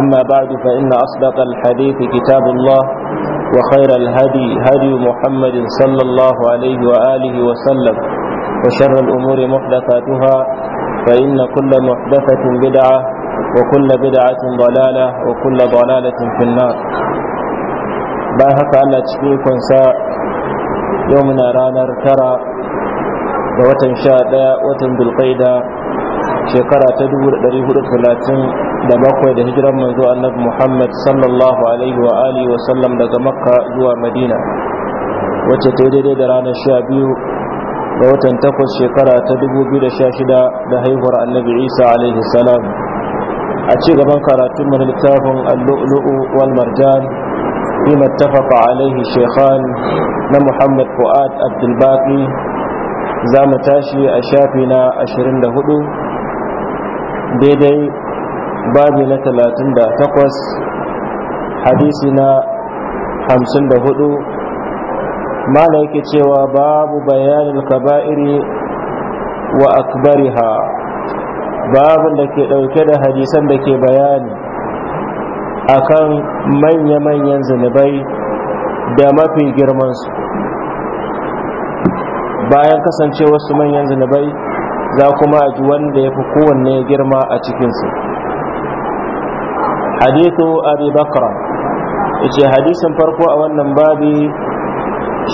أما بعد فإن أصدق الحديث كتاب الله وخير الهدي هدي محمد صلى الله عليه وآله وسلم وشر الأمور محدثاتها فإن كل محدثة بدعة وكل بدعة ضلالة وكل ضلالة في النار باهك على تشبيك ونساء يومنا رانر ترى وتنشاء وتنبي القيدة شكرا تدور دريه 30 da bakwai da hijiran manzo annabi Muhammad sallallahu alaihi wa alihi wa sallam daga Makka zuwa Madina wacce ta daidai da ranar sha biyu ga watan takwas shekara ta dubu biyu da sha shida da haihuwar annabi Isa alaihi salam a ci gaban karatun mu littafin al-lu'lu'u wal marjan فيما اتفق عليه الشيخان محمد فؤاد عبد الباقي زامتاشي أشافنا أشرين دهدو daidai babi na talatin da takwas hadisi na hamsin da hudu mala yake cewa babu bayanin kaba'iri wa akbariha babin da ke ɗauke da hadisan da ke bayani akan manya-manyan zunubai da mafi girmansu bayan kasance wasu manyan zunubai za kuma a ji wanda ya fi kowanne girma a cikinsu hadithu abi bakra yace hadisin farko a wannan babi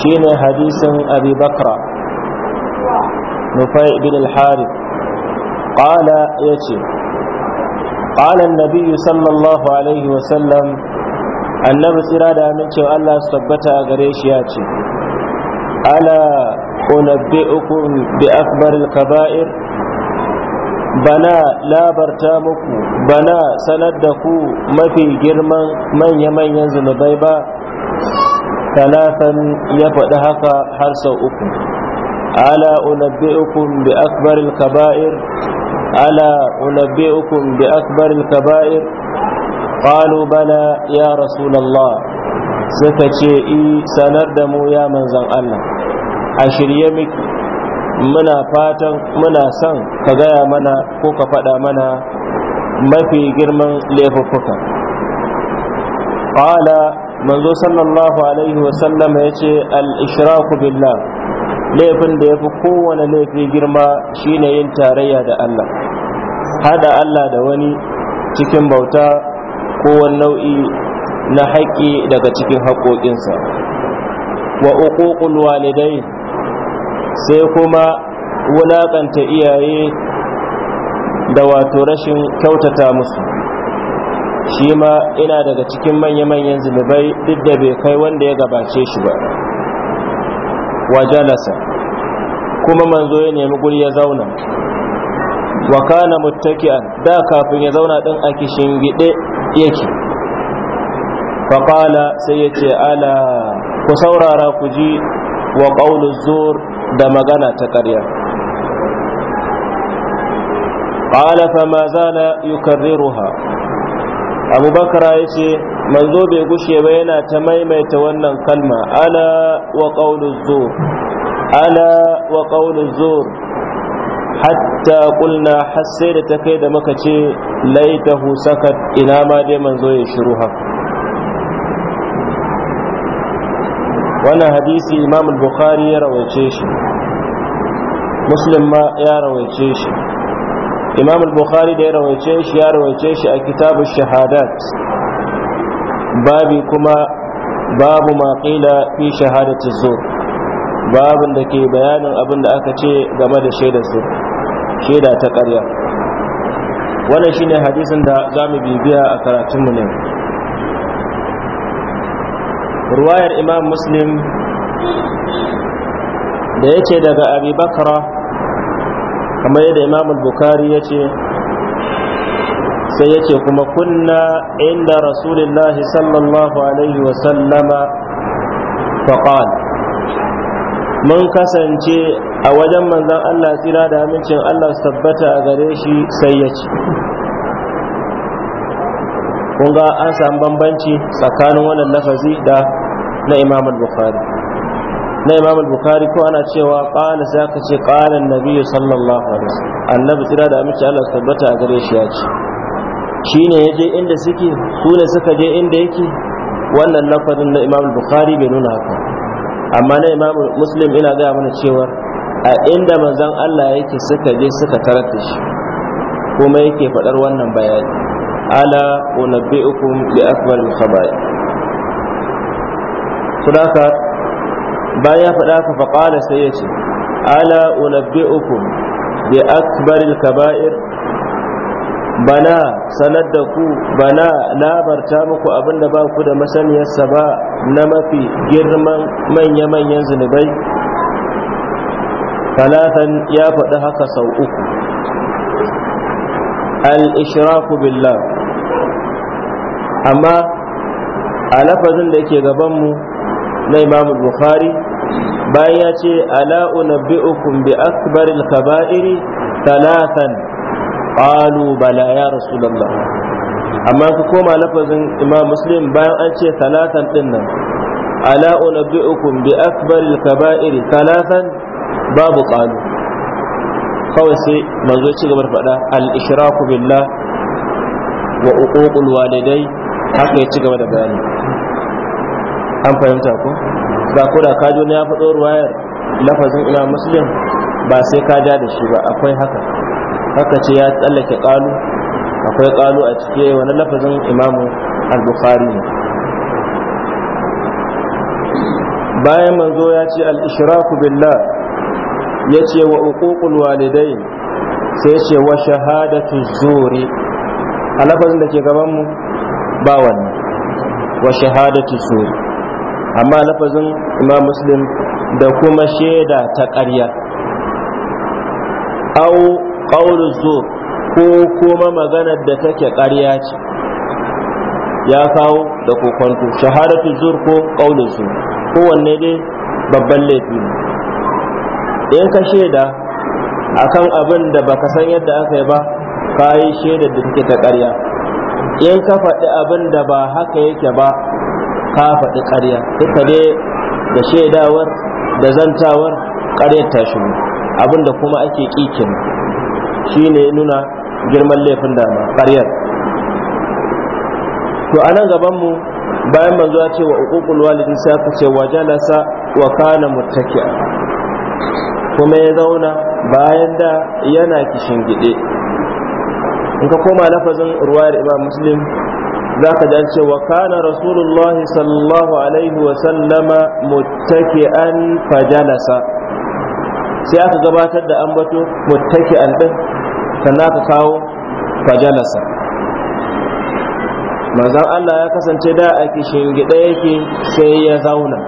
shine hadisin abi bakra nufai bin al-harith qala yace qala an-nabiy sallallahu alaihi wa sallam annabi tsira da amincin Allah su tabbata a gare shi ya ce ala unabbi'ukum bi akbar al-kaba'ir bana labarta muku bana sanar da ku mafi girman manya-manyan zunubai ba talatan ya faɗi haka har sau uku ala ukun bi akbaril kaba'ir ala ukun bi akbaril kaba'ir qalu bala ya rasulullah suka ce i sanar da mu ya manzan Allah a shirye miki muna fatan muna son ka gaya mana ko ka faɗa mana mafi girman laifuffuka ƙala manzo sallallahu alaihi wasallama ya ce al-ishraku billah laifin da ya fi kowane laifi girma shine yin tarayya da Allah hada Allah da wani cikin bauta kowane nau'i na haƙƙi daga cikin haƙoƙinsa wa uququl walidain sai kuma wulaƙanta iyaye da wato rashin kyautata musu shi ma ina daga cikin manya-manyan zunubai duk da bai kai wanda ya gabace shi ba wajalasa kuma manzo ya nemi guri ya zauna wa kana muttaki'an da kafin ya zauna din a kishin gide yake faƙala sai ya ce ala ku saurara ku ji wa ƙaunar zuwa. da magana ta ƙarya ƙala fama zala yukarriruha abubakar ya ce manzo bai gushe ba yana ta maimaita wannan kalma Ana wa ƙaunin ana wa ƙaunin hatta ƙulna har sai da ta kai da muka ce laitahu sakat ina ma dai manzo ya shiru haka wannan hadisi imam bukhari ya rawaice shi muslim ma ya rawaice shi imam bukhari da ya rawaice shi ya rawaice shi a kitabu shahadat babi kuma babu ma qila fi shahadati zur babin da ke bayanin abin da aka ce game da shaida zur shaida ta ƙarya wannan shine hadisin da zamu bibiya a karatunmu ne ruwayar imam muslim da ya ce daga abi bakara kamar yadda imam bukari ya ce sai ya ce kuma kunna inda rasulullahi sallallahu alaihi wasallama faƙal mun kasance a wajen manzan allah tsira da amincin allah su tabbata a gare shi sai ya ce kun ga an samu bambanci tsakanin wannan lafazi da na imam al-bukhari na imam al-bukhari ko ana cewa qala zaka ce qala an-nabi sallallahu alaihi wasallam annabi tsira da amince Allah tabbata a gare shi ya ce shine yaje inda suke su ne suka je inda yake wannan lafazin na imam al-bukhari bai nuna haka amma na imam muslim ina ga mana cewa a inda manzon Allah yake suka je suka tarar da shi kuma yake faɗar wannan bayani ala unabbi'ukum bi akmal al-khaba'ir sadaka bayan ya faɗa ka faƙala sai ya ce ala unabbi'ukum bi akbar al-kaba'ir bana sanar da ku bana labarta muku abinda ba ku da masaniyarsa ba na mafi girman manya-manyan zunubai talatan ya faɗi haka sau uku al-ishraku billah amma a lafazin da ke gabanmu na imamu bukhari bayan ya ce ala unabbi'ukum bi akbaril kaba'iri talatan qalu bala ya rasulullah amma ku koma lafazin imam muslim bayan an ce talatan din nan ala unabbi'ukum bi akbaril kaba'iri talatan babu qalu kawai sai manzo ci gaba da faɗa al-ishraku billah wa uququl walidai haka ya ci gaba da bayani an fahimta ko ba ko da kajo ne ya faɗo ruwayar lafazin ina muslim ba sai ka ja da shi ba akwai haka haka ce ya tsallake ƙalu akwai ƙalu a cike eh, wani lafazin imamu al-bukhari ne bayan manzo ya ce al-ishraku billah ya ce wa uququl walidain sai ce wa shahadatu zuri a lafazin da ke gaban mu ba wannan wa shahadatu zuri amma lafazin imam muslim da kuma shaida ta ƙarya au qawlu zur ko kuma maganar da take ƙarya ce ya kawo da kokonto shahadatu zur ko qawlu zur kowanne dai babban laifi ne in ka shaida akan abin da baka san yadda aka yi ba ka yi shaidar da take ta ƙarya in ka faɗi abin da ba haka yake ba ka faɗi ƙarya duka dai da shaidawar da zantawar ƙaryar ta shigo abin da kuma ake ƙikin shi ne nuna girman laifin da ba, ƙaryar to a nan mu bayan manzo ya ce wa uququl walidin sai ka ce wa jalasa wa kana muttaki'a kuma ya zauna bayan da yana kishin gide in ka koma lafazin ruwayar imam muslim za ka dan cewa kana rasulullahi sallallahu alaihi wa sallama muttaki'an fajalasa sai aka gabatar da ambato muttaki'an din sannan aka kawo fajalasa manzon Allah ya kasance da a kishin gida yake sai ya zauna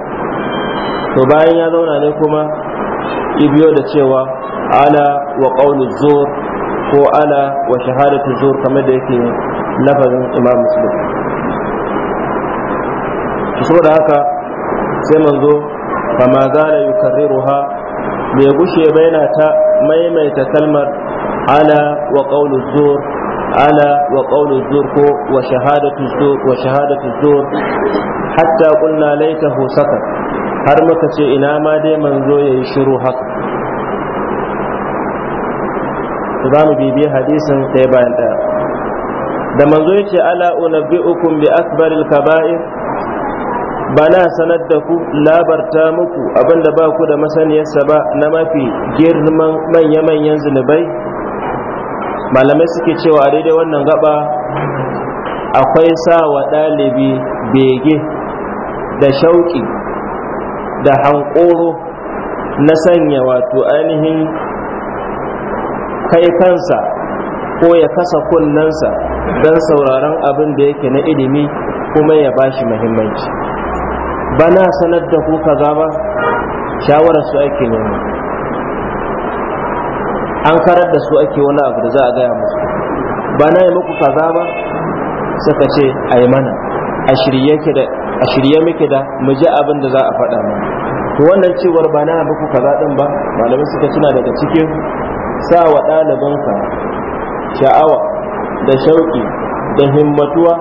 to bayan ya zauna ne kuma biyo da cewa ala wa qaulu zur ko ala wa shahadatu zur kamar da yake lafazin imam muslim saboda haka sai manzo fama zala yukarriruha me gushe baina ta maimaita kalmar ala wa qaulu zur ala wa qaulu zur ko wa shahadatu zur wa shahadatu zur hatta qulna laitahu sakat har muka ce ina ma dai manzo ya yi shiru haka za mu bibi hadisin ɗaya bayan ɗaya da manzo ya ce ala unabbi'ukum bi akbaril kaba'ir bana sanar da ku labarta muku abinda ba ku da masaniyarsa ba na mafi girman manya-manyan zunubai malamai suke cewa a daidai wannan gaba akwai sa wa ɗalibi bege da shauƙi da hankoro na sanya wato ainihin kai kansa ko ya kasa kunnensa don sauraron abin da yake na ilimi kuma ya bashi muhimmanci bana sanar da ku kaza ba shawarar su ake nemi an karar da su ake wani abu da za a gaya musu bana yi muku kaza ba suka ce a yi mana a shirye ki da a shirye muke da mu ji abin da za a faɗa mu to wannan cewar ba na muku kaza din ba malamai suka tuna daga cikin sa wa ɗalibinka sha'awa da shauƙi da himmatuwa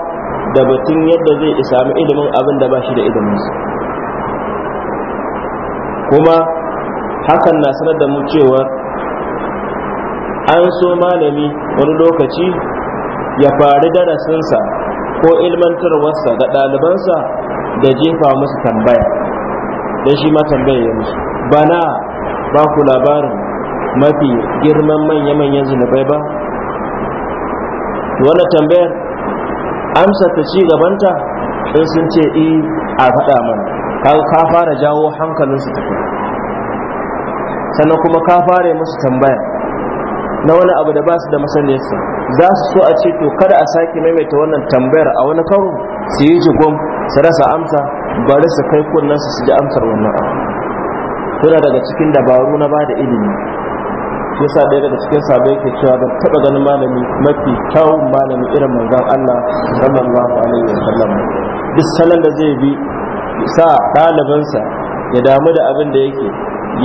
da batun yadda zai sami ilimin abin da ba shi da su. kuma hakan na sanar da mu cewa an so malami wani lokaci ya fari darasinsa ko ilmantarwarsa ga ɗalibansa da jefa musu tambaya da shi ma tambaya ya musu bana ba ku labarin mafi girman manya-manyan zunubai ba wannan tambayar amsa ta ci gabanta in sun ce i eh, a faɗa mana ka fara jawo hankalinsu tafi sannan kuma ka fara musu tambaya na wani abu da ba su da masaniyarsa za su so a ce to kada a sake maimaita wannan tambayar a wani karo su yi jigon su rasa amsa bari su kai kunnen su ji amsar wannan abu kuna daga cikin dabaru na ba da ilimi yasa daya daga cikin sabai yake cewa ban taba ganin malami mafi kyawun malami irin manzon Allah sallallahu alaihi wasallam duk salon da zai bi sa ɗalibansa ya damu da abin da yake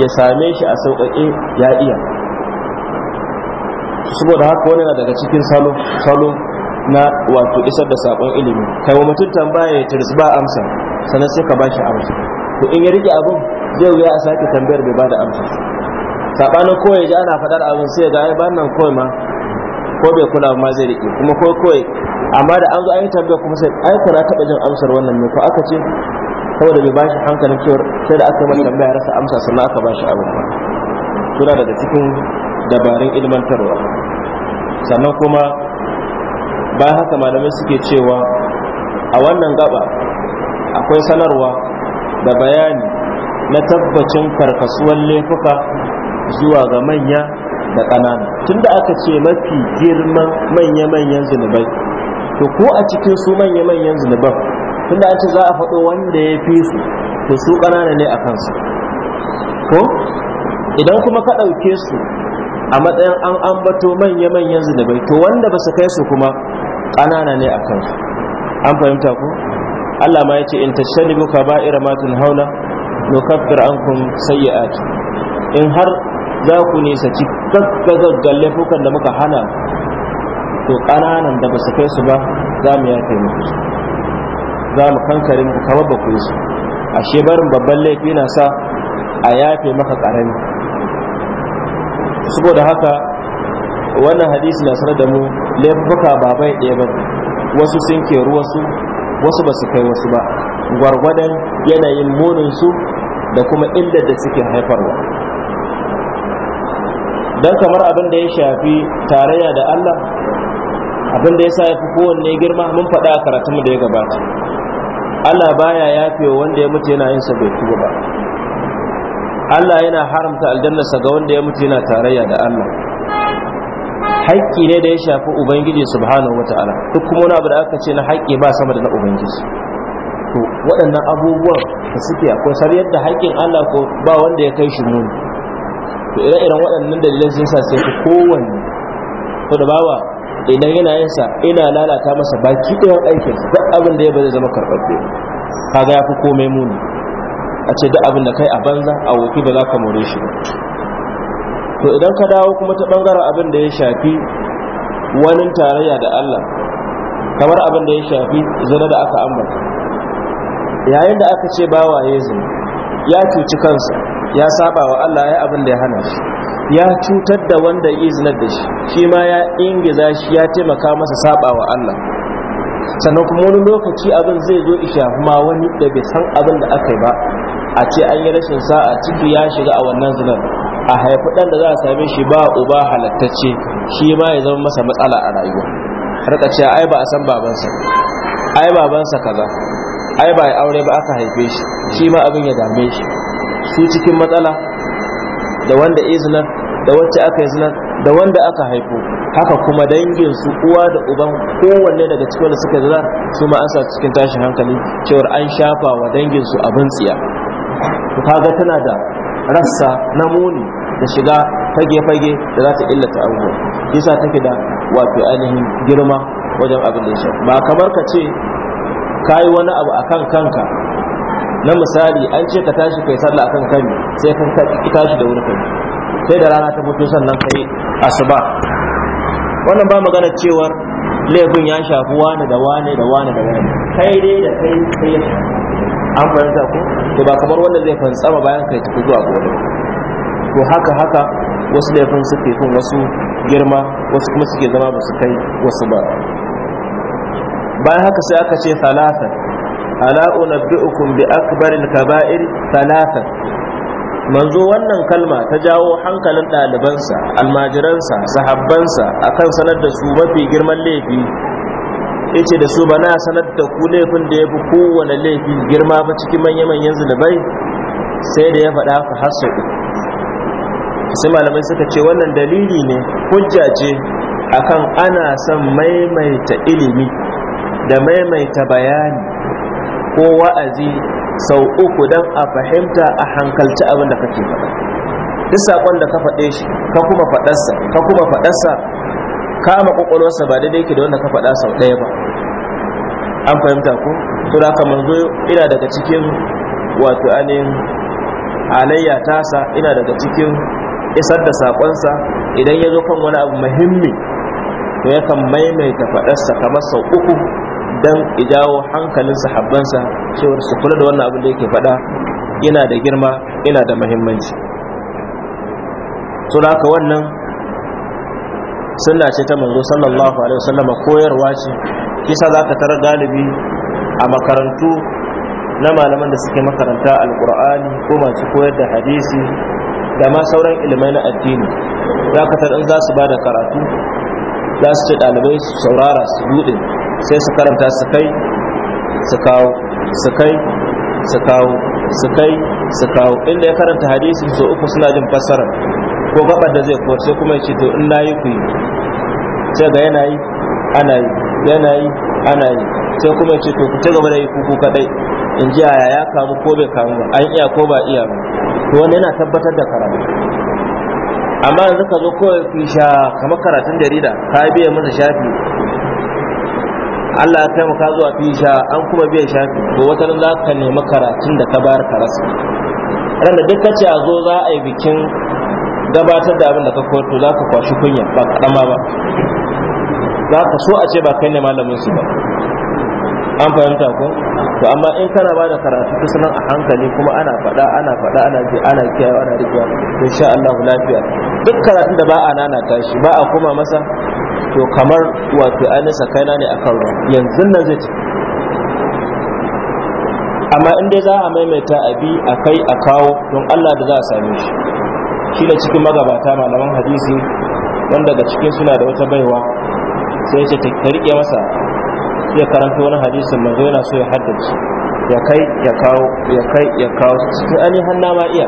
ya same shi a sauƙaƙe ya iya saboda haka wani na daga cikin salo salo na wato isar da sakon ilimi kai wa mutum tambaya ya tirs ba amsa sannan sai ka bashi amsa to in ya rike abin zai wuya a sake tambayar bai bada amsa sabanin ko ya ji ana faɗar abin sai ga ai ban nan ko ma ko bai kula ma zai rike kuma ko kawai amma da an zo an yi tambaya kuma sai ai kana taɓa jin amsar wannan ne ko aka ce saboda bai bashi hankalin cewar sai da aka yi masa tambaya rasa amsa sannan aka bashi abin ba suna daga cikin dabarun ilmantarwa sannan kuma Ba haka malamai suke cewa a wannan gaba akwai sanarwa da bayani na tabbacin karkasuwan laifuka zuwa ga manya da ƙanana tunda aka ce mafi girman manya-manyan zunubai to ko a cikin su manya-manyan zunuban tunda an ce za a faɗo wanda ya fi su to su ƙanana ne a kansu ko idan kuma ka ɗauke su a matsayin an ambato manya-manyan zunubai to wanda ba su kai su kuma Kanana ne a kansu an fahimta ko Allah ma ya ce in tashani buka ba matin hauna nukaffir ankum sayyi'at in har za ku nisa ci gaggagaggan laifukan da muka hana to kananan da ba su kai su ba za mu yafe mu za mu kankare mu kamar ba ku yi su ashe barin babban laifi na sa a yafe maka karami saboda haka wannan hadisi na sanar da mu laifuka ba bai ɗaya ba wasu sun keru wasu wasu ba su kai wasu ba gwargwadon yanayin su, da kuma illar da suke haifarwa don kamar abin da ya shafi tarayya da allah abin da ya sa ya fi kowanne girma mun faɗa a karatunmu da ya gabata allah baya yafe wanda ya mutu yana yin sa bai tuba ba allah yana haramta aljannarsa ga wanda ya mutu yana tarayya da allah haƙƙi ne da ya shafi ubangiji subhanahu wata'ala duk kuma wani abu da aka ce na haƙƙi ba sama da na ubangiji to waɗannan abubuwan da suke akwai sar yadda haƙƙin Allah ko ba wanda ya kai shi muni to ire-iren waɗannan dalilan sun sa sai ku kowanne to da bawa idan yana yin sa ina lalata masa baki ɗayan aikin duk abin da ya bada zama karɓaɓɓe kaga ya fi komai muni a ce duk abin da kai a banza a wofi ba za ka more shi ba to idan ka dawo kuma ta bangaren abin da ya shafi wani tarayya da Allah kamar abin da ya shafi zina da aka ambata yayin da aka ce bawa ya zina ya cuci kansa ya saba wa Allah ya abin da ya hana shi ya cutar da wanda ya zinar da shi shi ma ya ingiza shi ya taimaka masa saba wa Allah sannan kuma wani lokaci abin zai zo isha ma wani da bai san abin da aka yi ba a ce an yi rashin sa'a ciki ya shiga a wannan zinar a haifi ɗan da za a same shi ba uba halattacce shi ma ya zama masa matsala a rayuwa harka cewa ai ba a san babansa ai babansa kaza ai ba ya aure ba aka haife shi shi ma abin ya dame shi su cikin matsala da wanda izinin da wacce aka yi zinar da wanda aka haifo haka kuma dangin su uwa da uban kowanne daga cikin wanda suka zira su ma an sa cikin tashin hankali cewar an shafa wa dangin su abin tsiya ka ga tana da rassa na muni da shiga fage-fage da za ta illata abubuwa yasa take da wato ainihin girma wajen abin da ya ba kamar ka ce ka yi wani abu a kan kanka na misali an ce ka tashi kai sallah akan kan sai kan tashi da wuri kai sai da rana ta fito sannan kai asuba wannan ba magana cewar laifin ya shafi wani da wani da wani da wani kai dai da kai sai ya an fahimta ku? to ba kamar wanda zai ba bayan kai tafi zuwa gobe to haka haka wasu laifin suke fin wasu girma wasu kuma suke zama ba su kai wasu ba bayan haka sai aka ce salasa ala unabbi'ukum bi akbaril kaba'ir salasa manzo wannan kalma ta jawo hankalin ɗalibansa almajiransa sahabbansa akan sanar da su mafi girman laifi yace da su bana sanar da ku laifin da yafi kowane laifi girma ba cikin manya manyan zulubai sai da ya faɗa ku har sai malamai suka ce wannan dalili ne hujja ce akan ana son maimaita ilimi da maimaita bayani ko wa'azi sau uku don a fahimta a hankalci abin da kake faɗa duk saƙon da ka faɗe shi ka kuma faɗarsa ka kuma faɗarsa kama ƙwaƙwalwarsa ba daidai ke da wanda ka faɗa sau ɗaya ba an fahimta ku? to da manzo ina daga cikin wato anin alayya tasa ina daga cikin isar da sakonsa idan ya zo kan wani abu muhimmi to yakan maimaita faɗarsa kamar sau uku don ijawo hankalin sahabbansa cewar su kula da wannan abin da yake faɗa Ina da girma ina da muhimmanci to da wannan sunna ce ta manzo sallallahu alaihi wasallam koyarwa ce kisa za ka tara galibi a makarantu na malaman da suke makaranta alkur'ani ko masu koyar da hadisi da ma sauran ilimai na addini za ka tara za su ba da karatu za su ce dalibai su saurara su buɗe sai su karanta su kai su kawo su kai su kawo su kai su kawo inda ya karanta hadisin so uku suna jin fassara ko gaba da zai kuwa sai kuma ya ce to in na yi ku yi sai ga yana yi ana yi yana yi ana yi sai kuma ce to ku ci gaba da yi kuku kadai in ji yaya ya kamu ko bai kamu ba an iya ko ba iya ba to wannan yana tabbatar da karatu amma yanzu ka zo kawai ku sha kamar karatun jarida ka biya masa shafi Allah ya kai mu ka zuwa fisha an kuma biyan shafi to wata za ka nemi karatun da ka bayar ka rasa ran da duk ce a zo za a yi bikin gabatar da abin da ka koyo to za ka kwashi kunya ba kaɗan ba za ka so a ce ba kai ne malamin su ba an fahimta ko to amma in kana ba da karatu ta sanan a hankali kuma ana faɗa ana faɗa ana ji ana kiyaye ana rikiya to insha Allah lafiya duk karatun da ba a nana tashi ba a kuma masa to kamar wato kai na ne akan ruwa yanzu nan zai tafi amma in dai za a maimaita abi a kai a kawo don Allah da za a same shi shi da cikin magabata malaman hadisi wanda daga cikin suna da wata baiwa sai ce ta rike masa ya karanta wani hadisin manzo yana so ya haddace ya kai ya kawo ya kai ya kawo cikin ani hanna ma iya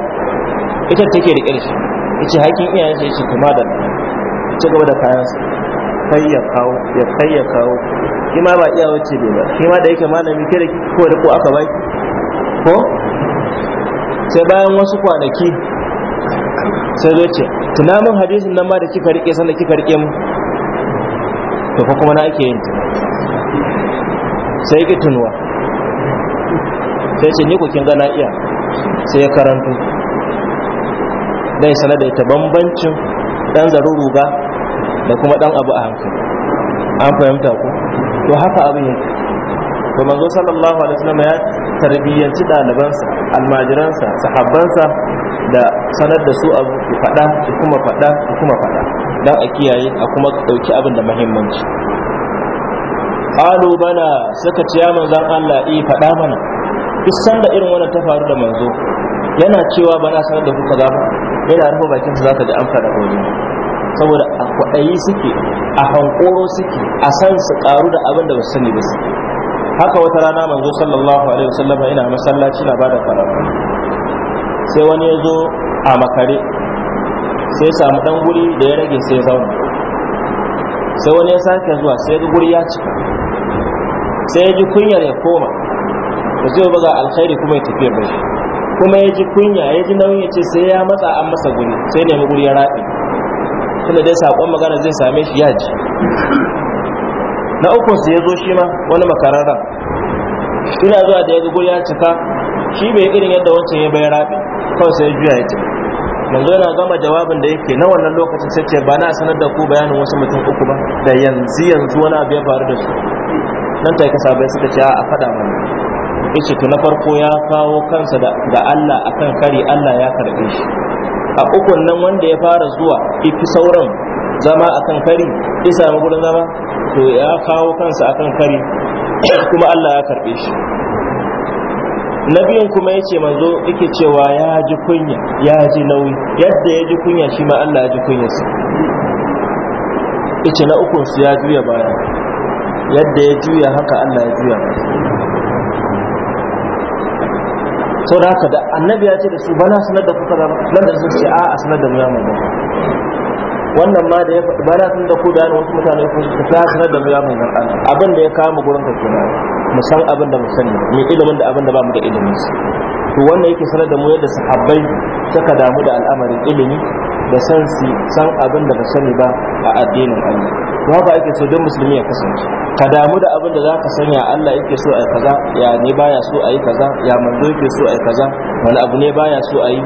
ita take rike da shi yace hakin iyayen ya ce kuma da ce gaba da kayan sa kai ya kawo ya kai ya kawo kima ba iya wacce ne ba kima ma da yake malami kada ko da ko aka baki ko sai bayan wasu kwanaki sai zo ce tunamin hadisin nan ma da kika rike sanda kika rike mu to fa kuma na ake yin ta sai ki tunuwa sai ce ni ku kin gana iya sai ya karantu, dai sanar da ita bambancin dan zaruru ga da kuma dan abu a hankali an fahimta ku to haka abin ne to manzo sallallahu alaihi wasallam ya tarbiyyanci dalibansa almajiransa sahabbansa da sanar da su abu ku faɗa ku kuma faɗa ku kuma faɗa dan a kiyaye a kuma ɗauki abin da muhimmanci alu bana suka ce ya Allah i eh, faɗa mana duk da irin wannan ta faru da manzo yana cewa bana san da kuka za ba yana rufe bakin za zaka ji an faɗa gobe saboda a kwaɗayi suke a hankoro suke a san su karu da abin da ba su sani ba su haka wata rana manzo sallallahu alaihi wasallam ina masallaci na bada karatu sai wani ya zo a makare sai samu dan guri da ya rage sai zauna sai wani ya sake zuwa sai ga guri ya cika sai ya ji kunyar ya koma da zai buga alkhairi kuma ya tafi bai kuma ya ji kunya ya ji nauyin ya ce sai ya matsa an masa guri sai nemi guri ya raɗe tunda dai saƙon magana zai same shi ya ji na uku sai ya zo shi ma wani makararra ina zuwa da ya ga guri ya cika shi bai irin yadda wancan ya bai raɗe kawai sai ya juya ya tafi Yanzu yana gama jawabin da yake na wannan lokacin sai ce ba na sanar da ku bayanin wasu mutum uku ba da yanzu yanzu wani abu ya faru da su nan ta yi sabai suka ce a faɗa mana yace to na farko ya kawo kansa da Allah akan kari Allah ya karbe shi a ukun nan wanda ya fara zuwa ifi sauran zama akan kari isa mu gurin zama to ya kawo kansa akan kari kuma Allah ya karbe shi biyun kuma ya ce manzo yake cewa ya ji kunya ya ji nauyi yadda ya ji kunya shi ma Allah ya ji kunya su. ice na su ya juya baya yadda ya juya haka Allah ya juya sau da haka da annabi ya ce da su bana sanar da kuka nan da sun ce a a sanar da mu ya wannan ma da ya faɗi bana sun da ku da wasu mutane sun su ta sanar da mu ya mai nan abin da ya kama gurin ka mu san abin da mu sani mu ilimin da abin da ba mu da ilimin su to wannan yake sanar da mu yadda sahabbai suka damu da al'amarin ilimi da san si san abin da ba sani ba a addinin Allah to haka ake so duk musulmi ya kasance ka damu da abin da za ka sanya Allah yake so ai kaza ya ne baya so ai kaza ya manzo yake so ai kaza wani abu ne baya so ai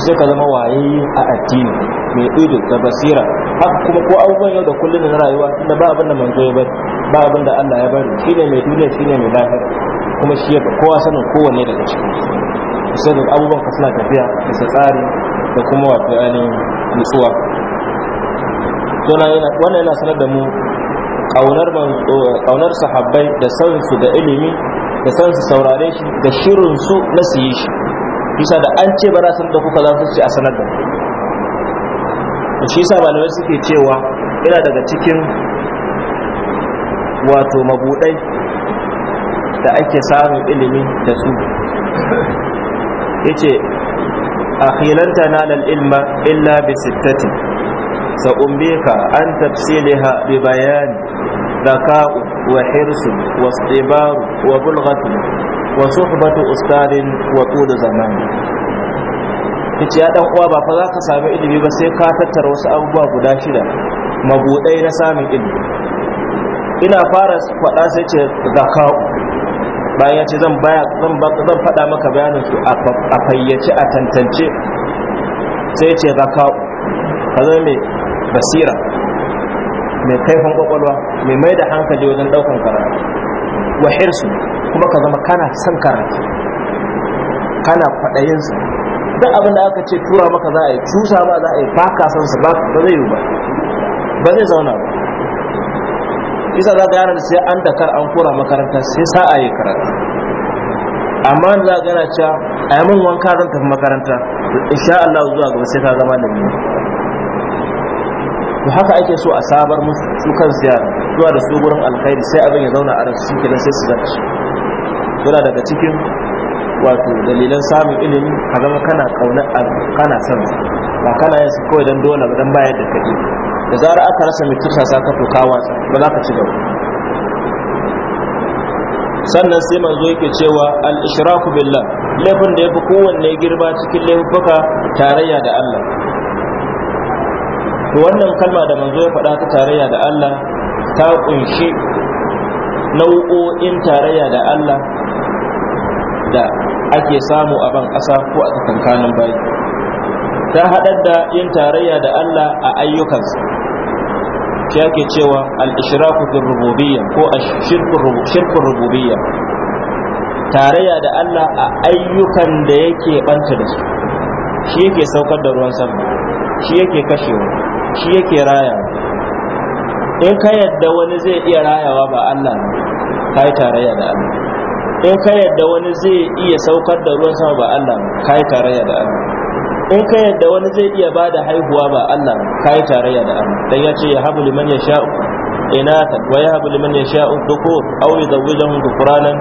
sai ka zama waye a addini mai ido da basira haka kuma ko abubuwan yau da kullum na rayuwa tunda ba abin da manzo ya bari ba abin da Allah ya bari shine mai duniya shine mai lahira kuma shi yadda kowa sanin kowanne daga cikin sai da abubuwan ka suna tafiya bisa tsari da kuma wato ainihin nutsuwa wannan yana sanar da mu kaunar sahabbai da sansu da ilimi da sansu saurare shi da shirin su na siyi shi bisa da an ce ba na san da kuka za su ce a sanar da mu to shi sa malamai suke cewa ina daga cikin wato mabudai da ake samun ilimi da su yace na lal ilma illa bi sittati sa umbika an tafsilaha bi bayan wa وحرص wa وبلغة وصحبة wa da zamani ce ya ɗan uwa ba fa za ka sami ilimi ba sai ka tattara wasu abubuwa guda shida mabuɗai na samun ilimi ina fara faɗa sai ce kawo. bayan ya ce zan faɗa maka bayanin su a fayyace a tantance sai ce kawo. ka zama mai basira mai kaifin kwakwalwa mai mai da hankali wajen ɗaukan karatu wa hirsu kuma ka zama kana son karatu kana faɗayinsa duk abin da aka ce tura maka za a yi cusa ba za a yi ba ka san su ba ba zai yi ba ba zai zauna ba isa za ka yanar sai an dakar an kura makaranta sai sa a yi karatu amma za ka yana cewa a yi min wanka zan tafi makaranta insha Allah zuwa gaba sai ka zama da biyu to haka ake so a sabar musu su kan ziyara zuwa da su gurin alkhairi sai abin ya zauna a rasu shi kenan sai su zarce yana daga cikin wato dalilan samun ilimi ka zama kana kauna kana son ba kana yin su kawai don dole ba don bayar da kaɗi da zara aka rasa mai tusa sa kafa kawa ba za ka ci gaba sannan sai manzo yake cewa al-ishraku billah laifin da ya fi kowanne girma cikin laifuka tarayya da Allah to wannan kalma da manzo ya faɗa ta tarayya da Allah ta kunshi nau'o'in tarayya da Allah da ake samu a ban ƙasa ko a tsakankanin bayi ta haɗar da yin tarayya da Allah a ayyukansa shi ake cewa al-ishraku fil rububiyya ko shirku rububiyya tarayya da Allah a ayyukan da yake banta da su shi yake saukar da ruwan sama shi yake kashewa shi yake rayawa in ka yadda wani zai iya rayawa ba Allah ne kai tarayya da Allah in ka yadda wani zai iya saukar da ruwan sama ba Allah kai tarayya da Allah in ka yadda wani zai iya ba da haihuwa ba Allah kai tarayya da Allah dan ya ce ya habu liman ya sha'u inatha wa ya habu liman ya sha'u dhukur aw yuzawwijuhum dhukranan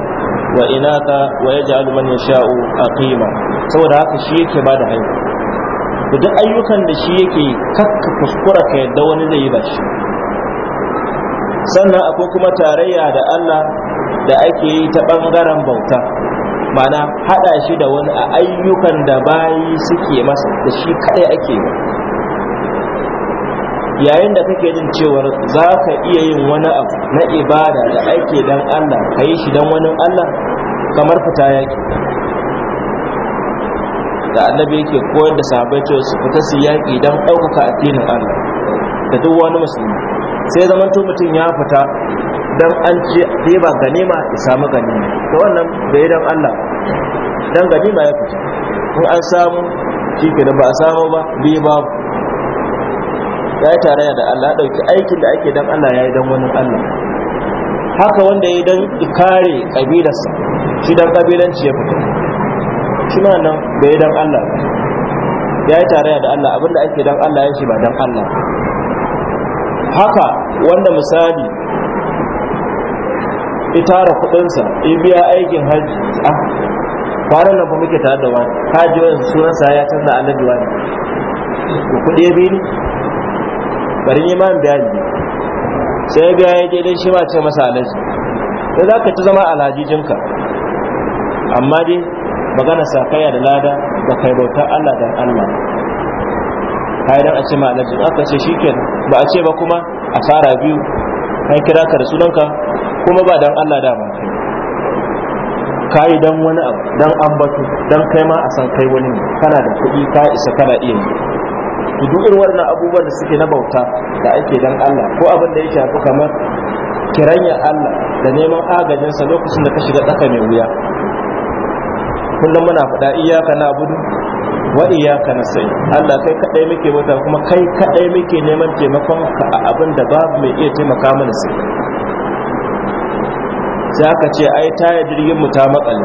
wa inatha wa yaj'alu man ya sha'u aqima saboda haka shi yake ba da haihuwa duk ayyukan da shi yake kakka kuskura ka yadda wani zai yi ba shi sannan akwai kuma tarayya da Allah da ake yi ta ɓangaren bauta mana haɗa shi da wani a ayyukan da bayi suke masa da shi kaɗai ake yi yayin da kake jin cewar za ka iya yin wani abu na ibada da ake don allah ka yi shi don wani allah kamar fita yaƙi da annabi yake koyar da sahabbai cewa su fita su yaƙi don ɗaukaka addinin allah da duk wani musulmi sai zaman mutum ya fita dan an ce ba ganima ya samu ganima to wannan bai dan Allah dan ganima ya fita in an samu shi da ba a samu ba bi ba. ya yi da Allah ya ɗauki aikin da ake dan Allah ya yi dan wani Allah haka wanda ya yi dan kare ƙabilarsa shi dan ƙabilanci ya fita shi ma nan bai dan Allah ya yi tarayya da Allah abinda ake dan Allah ya shi ba dan Allah haka wanda misali ya tara kudinsa ya biya aikin hajji a ah, kwanan nan ba muke tare da wani hajji wani sunansa ya canza annabi wani to kudi ya bi ni? bari yi ma ni sai ya biya ya je dai shi ma ce masa alhaji sai za ka ci zama alhajijinka amma dai magana kai da lada da kai bautar Allah dan Allah dan a ce ma alhaji aka ce shi ba a ce ba kuma a tsara biyu kai kira ka da sunanka kuma ba dan Allah dama kai kai dan wani abu dan ambatu dan kai ma a san kai wani ne kana da kuɗi ka isa kana iya yi to duk irin wannan abubuwan da suke na bauta da ake dan Allah ko abin da ya shafi kamar kiranya Allah da neman agajinsa lokacin da ka shiga tsaka mai wuya kullum muna faɗa iyaka na abudu wa iyaka nasta'in Allah kai kadai muke bauta kuma kai kadai muke neman taimakon ka a abin da babu mai iya taimaka mana sai sai aka ce ai taya jirgin mu ta makale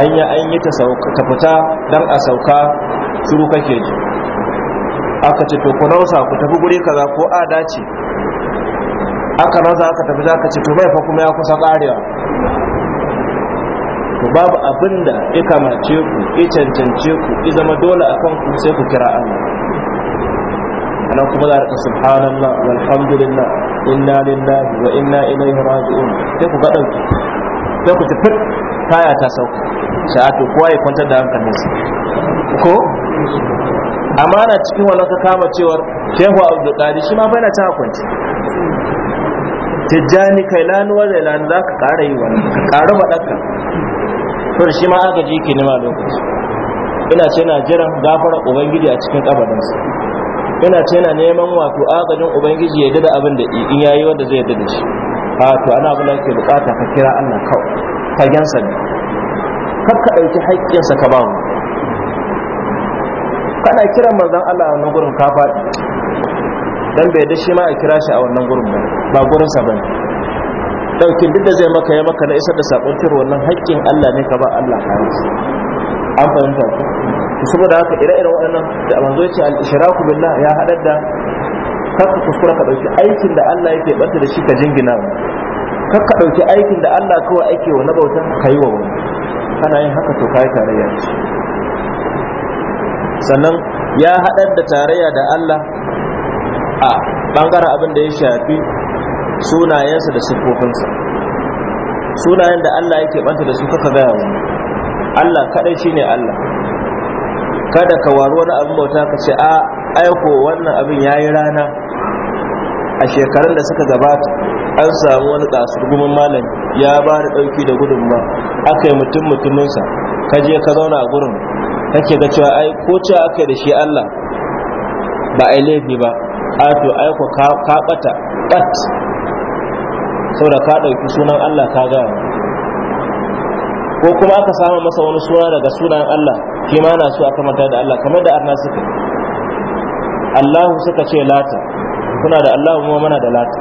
an yi an yi ta sauka ta fita dan a sauka shiru kake ji aka ce to ku nausa ku tafi gure kaza ko a dace aka nausa aka tafi za ka ce to mai fa kuma ya kusa karewa to babu abinda ya kamace ku ya cancance ku ya zama dole akan ku sai ku kira Allah anan kuma za a rika ka subhanallah walhamdulillah inna lillahi wa inna ilaihi raji'un sai ku ga dauki sai ku tafi kaya ta sauka sa'atu kowa ya kwantar da hankalinsa ko amana cikin wannan ka kama cewar shehu abdul qadi shi ma fa yana ta kwanci tijjani kai lanuwa da lanu za ka kara yi wannan ka kara madaka to shi ma aka ji ke nima lokaci ina ce na jiran gafara ubangiji a cikin kabarinsa yana ce yana neman wato agajin ubangiji ya da abin da in yayi wanda zai yarda da shi a to ana abin da ke bukata ka kira Allah kawai ka gansa ne kar ka dauki sa ka ba mu kana kiran manzon Allah a wannan gurin ka faɗi dan bai da shi ma a kira shi a wannan gurin ba ba gurin sa bane dauki duk da zai maka ya maka na isar da sakon wannan haƙƙin Allah ne ka ba Allah ka yi. an fahimta ku saboda haka ire-iren waɗannan da manzo ya ce al-ishraku billah ya haɗar da kar ka kuskura ka ɗauki aikin da Allah yake bata da shi ka jingina mu kar ka ɗauki aikin da Allah kawai ake wa na bautan ka yi wa wani kana yin haka to ka yi tarayya sannan ya haɗar da tarayya da Allah a ɓangaren abin da ya shafi sunayensa da siffofinsa sunayen da Allah yake ɓanta da su kaka gaya wani Allah kadai shine Allah kada ka waru wani abin bauta ka ce a aiko wannan abin yayi rana a shekarun da suka gabata an samu wani kasurgumin malam ya ba da dauki da gudunma aka yi mutum mutuminsa ka je ka zauna a gurin kake ga cewa ai ko ce aka da shi Allah ba ai laifi ba a to aiko ka bata bat saboda ka dauki sunan Allah ka gaya ko kuma aka samu masa wani suna daga sunan Allah kimana su na aka manta da Allah kamar da arna suka Allahu suka ce lata kuna da Allahu kuma muna da lata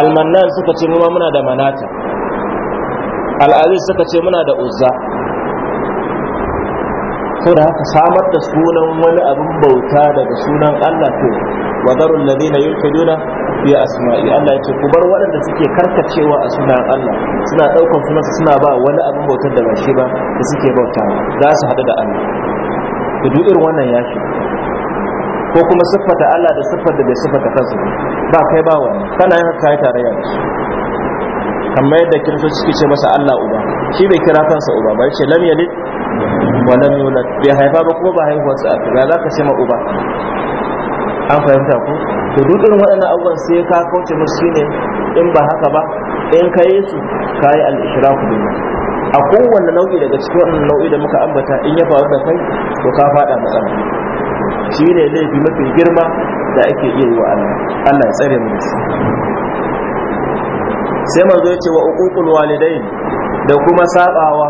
almannan suka ce kuma muna da manata al'aziz suka ce muna da uzza ko da haka samar da sunan wani abin bauta daga sunan Allah to wadarul ladina yulkiduna fi asma'i Allah ya ce ku bar waɗanda suke karkacewa a sunan Allah suna ɗaukar sunansa suna ba wani abin bautar da ba shi ba da suke bautawa za su haɗu da Allah ku duk irin wannan ya ko kuma siffata Allah da siffar da bai siffata kansa ba kai ba wani kana yin kai tarayya da shi kamar yadda kiristoci suke ce masa Allah uba shi bai kira kansa uba ba yace lam yalid wa lam yulad bai haifa ba kuma ba haihuwarsa a ba za ka ce ma uba an fahimta ko to waɗannan abubuwan sai ka kauce musu ne in ba haka ba in ka yi su ka yi al-ishraku a kowane nau'i daga cikin wannan nau'i da muka ambata in ya faru da kai to ka faɗa matsala shi ne laifi mafi girma da ake iya yi wa Allah Allah ya tsare mu sai manzo ya ce wa uququl walidain da kuma sabawa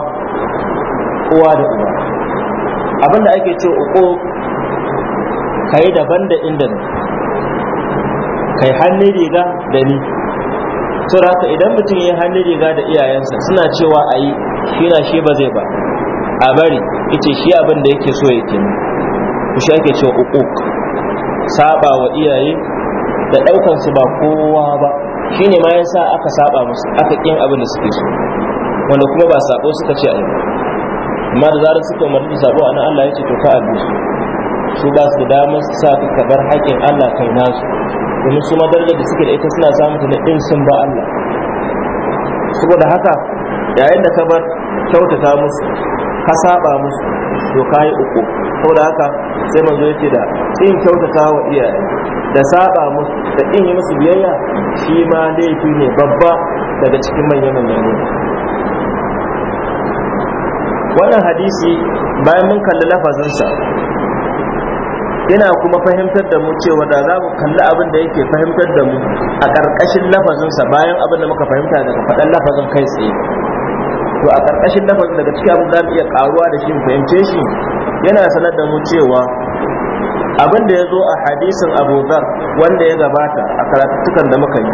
uwa da uba abinda ake ce uku kai daban da inda ne kai hannun riga da ni to haka idan mutum ya hannun riga da iyayensa suna cewa a yi shi na shi ba zai ba a bari ita shi abin da yake so ya ke ne ku shi ake cewa uku saba wa iyaye da daukan su ba kowa ba shine ma sa aka saba musu aka kin abin da suke so wanda kuma ba sabo suka ce a yi amma da zarar suka umarni da sabo anan Allah ya ce to ka albi su su ba su da damar su sa ka bar haƙƙin Allah kai nasu domin su ma darajar da suke da ita suna samun ta din sun ba Allah saboda haka yayin da ka bar kyautata musu ka saba musu to kai uku saboda haka sai manzo yake da ɗin kyautata wa iyaye da saba musu da ɗin yi musu biyayya shi ma laifi ne babba daga cikin manyan manyan wannan hadisi bayan mun kalli lafazinsa Yana kuma fahimtar da mu cewa da za mu kalli abin da yake fahimtar da mu a ƙarƙashin lafazinsa bayan abin da muka fahimta daga faɗan lafazin kai tsaye to a ƙarƙashin lafazin daga cikin abin da za mu iya ƙaruwa da shi mu fahimce shi yana sanar da mu cewa abin da ya zo a hadisin abu wanda ya gabata a karatuttukan da muka yi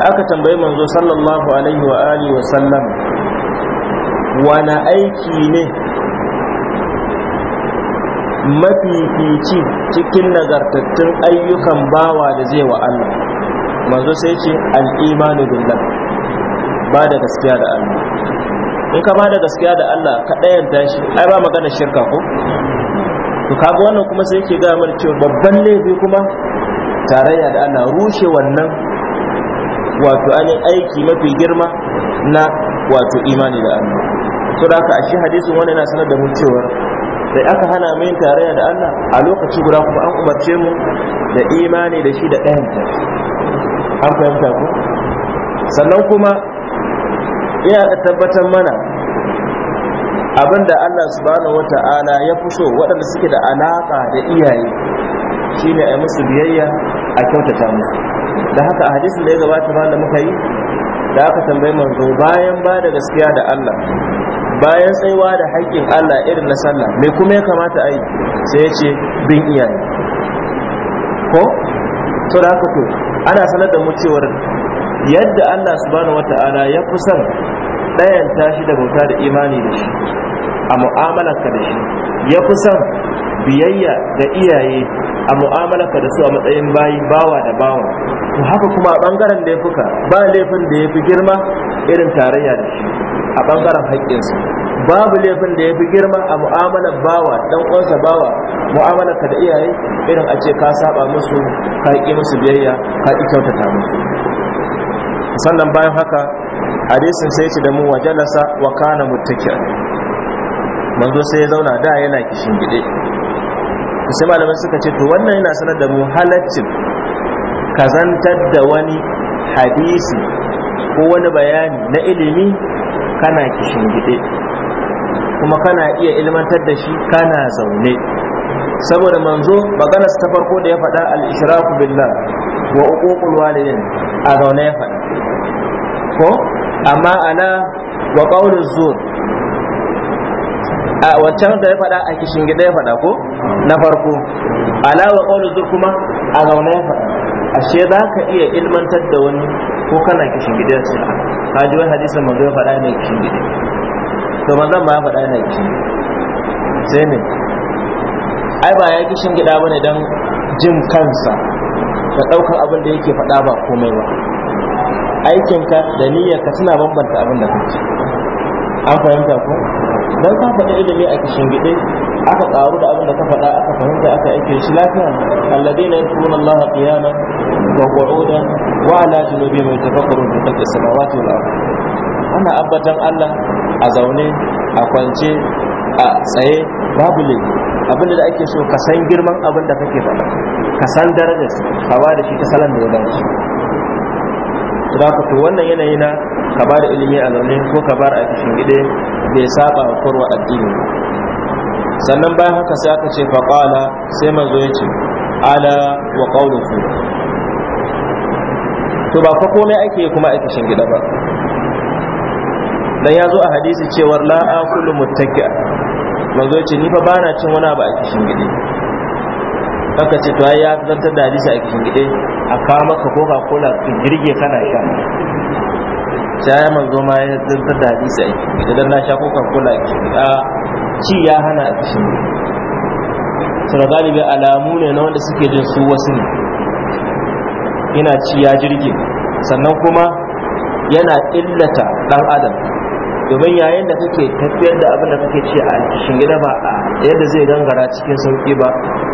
da aka tambayi manzo sallallahu alaihi wa alihi wa sallam wani aiki ne mafifici cikin nagartattun ayyukan bawa da zai wa Allah manzo sai ce al'imanu billah ba da gaskiya da Allah in ka ba da gaskiya da Allah ka ɗayan tashi ai ba magana shirka ko to kaga wannan kuma sai yake gaya mana cewa babban laifi kuma tarayya da Allah rushe wannan wato ainihin aiki mafi girma na wato imani da Allah to da haka a shi hadisin wannan yana sanar da mu cewa sai aka hana mu yin tarayya da Allah a lokaci guda kuma an umarce mu da imani da shi da ɗayan ta an fahimta ku sannan kuma ina da tabbatar mana abinda Allah subhanahu wata'ala ya fi so waɗanda suke da alaƙa da iyaye shine a musu biyayya a kyautata musu da haka a hadisin da ya gabata ba da muka yi da aka tambayi manzo bayan ba da gaskiya da Allah bayan tsaiwa da haƙƙin Allah irin na sallah mai kuma ya kamata a yi sai ya ce bin iyaye ko to da haka to ana sanar da mu cewar yadda Allah subhanahu wata'ala ya kusan ɗaya ɗayan tashi da bauta da imani da shi a mu'amalarka da shi ya kusan biyayya da iyaye a mu'amalarka da su a matsayin bayi bawa da bawa to haka kuma a bangaren laifuka ba laifin da ya fi girma irin tarayya da shi a bangaren su. babu laifin da ya fi girma a mu'amalar bawa dan uwansa bawa mu'amalar ka da iyaye irin a ce ka saba musu ka ƙi musu biyayya ka ƙi kyautata musu sannan bayan haka hadisin sai ce da mu wa jalasa wa kana muttakiya manzo sai ya zauna da yana kishin gide sai malaman suka ce to wannan yana sanar da mu halaccin kazantar da wani hadisi ko wani bayani na ilimi kana kishingide kuma kana iya ilmantar da shi kana zaune saboda manzo magana ta farko da ya faɗa al-ishraku billah wa uququl walidin a zaune ya faɗa ko amma ana wa qauluz zur a wancan da ya faɗa a kishingide ya faɗa ko na farko ala wa qauluz zur kuma a zaune ya faɗa ashe za ka iya ilmantar da wani ko kana kishin gida ce ka ji wani hadisin manzo ya faɗa ne kishin gida to manzo ma ya faɗa ne kishin sai ne ai ba ya kishin gida bane dan jin kansa da ɗaukar abin da yake faɗa ba komai ba aikinka da niyyarka suna bambanta abin da kake an fahimta ko dan ka faɗi ilimi a kishin gide aka karu da abin da ka faɗa aka fahimta aka aike shi lafiya alladina yadkuruna allaha qiyaman wa qu'udan wa ala junubihim yatafakkarun fi khalqis samawati wal ardi ana abbatan allah a zaune a kwance a tsaye babu laifi abinda da ake so ka san girman abin da kake faɗa ka san darajar ka shi ta salon da ya dace da to wannan yanayi na ka ba da ilimi a zaune ko ka ba a cikin gide bai saba wa korwa addini sannan bayan haka sai aka ce faƙala sai manzo ya ce ala wa ƙaunuku to ba fa komai ake kuma a cikin gida ba dan ya zo a hadisi cewar la'a kullu muttaki manzo ya ce ni fa bana cin wani abu a cikin gida aka ce to ya zantar da hadisi a gide a kawo maka koka cola ka girge kana sha ta ya manzo ma ya zantar da hadisi a gide dan na sha koka cola a ci ya hana a cikin sura galibi alamu ne na wanda suke jin su wasu ne yana ci ya jirgin sannan kuma yana illata dan adam domin yayin da kake tafiyar da abin da kake ce a shingida ba a yadda zai gangara cikin sauki ba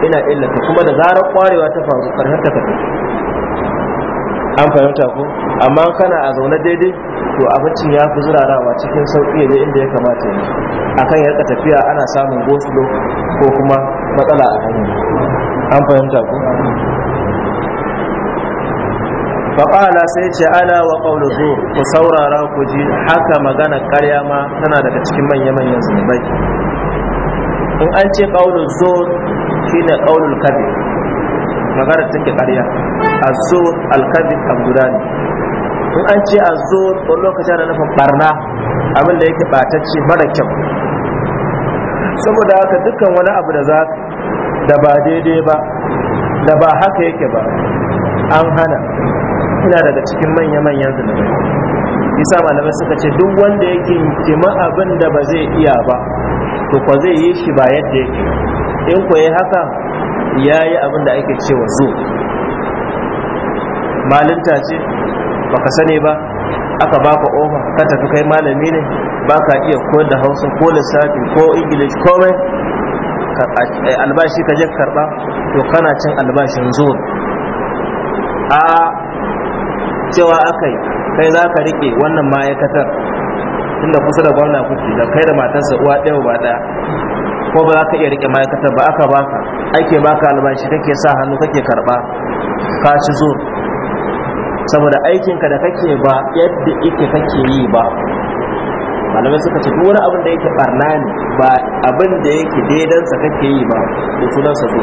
ina illata kuma da zarar kwarewa ta faru karhar ta tafi an fahimta ko amma kana a zaune daidai to abincin ya fi zurarawa cikin sauki da inda ya kamata ne akan yarka tafiya ana samun gosulo ko kuma matsala a hanya an fahimta ko faƙala sai ce ala wa ƙaunar zo ku saurara ku ji haka magana karya ma tana daga cikin manya-manyan zunubai in an ce ƙaunar zo shi ne ƙaunar kabi magana take karya a zo alkabi a guda ne in an ce a zo wani lokaci da nufin barna abin da yake ɓatacce mara kyau saboda haka dukkan wani abu da za da ba daidai ba da ba haka yake ba an hana yana daga cikin manya-manyan zunubai isa malamai suka ce duk wanda yake kima abin da ba zai iya ba to kwa zai yi shi ba yadda yake in ku yi haka ya yi abin da ake cewa zo malinta ce ba ka sani ba aka baka ofa ka tafi kai malami ne baka iya koyar da hausa ko lissafi ko ingilish komai albashi ka je karba to kana cin albashin zo a cewa akai kai za ka rike wannan ma'aikatar tunda kusa da gwamna kuke da kai da matarsa uwa ɗaya ba ɗaya ko ba za ka iya rike ma'aikatar ba aka baka ake baka albashi kake sa hannu kake karɓa ka ci zo saboda aikinka da kake ba yadda ike kake yi ba malamai suka ce wani abin da yake barna ne ba abin da yake daidansa kake yi ba da sa zo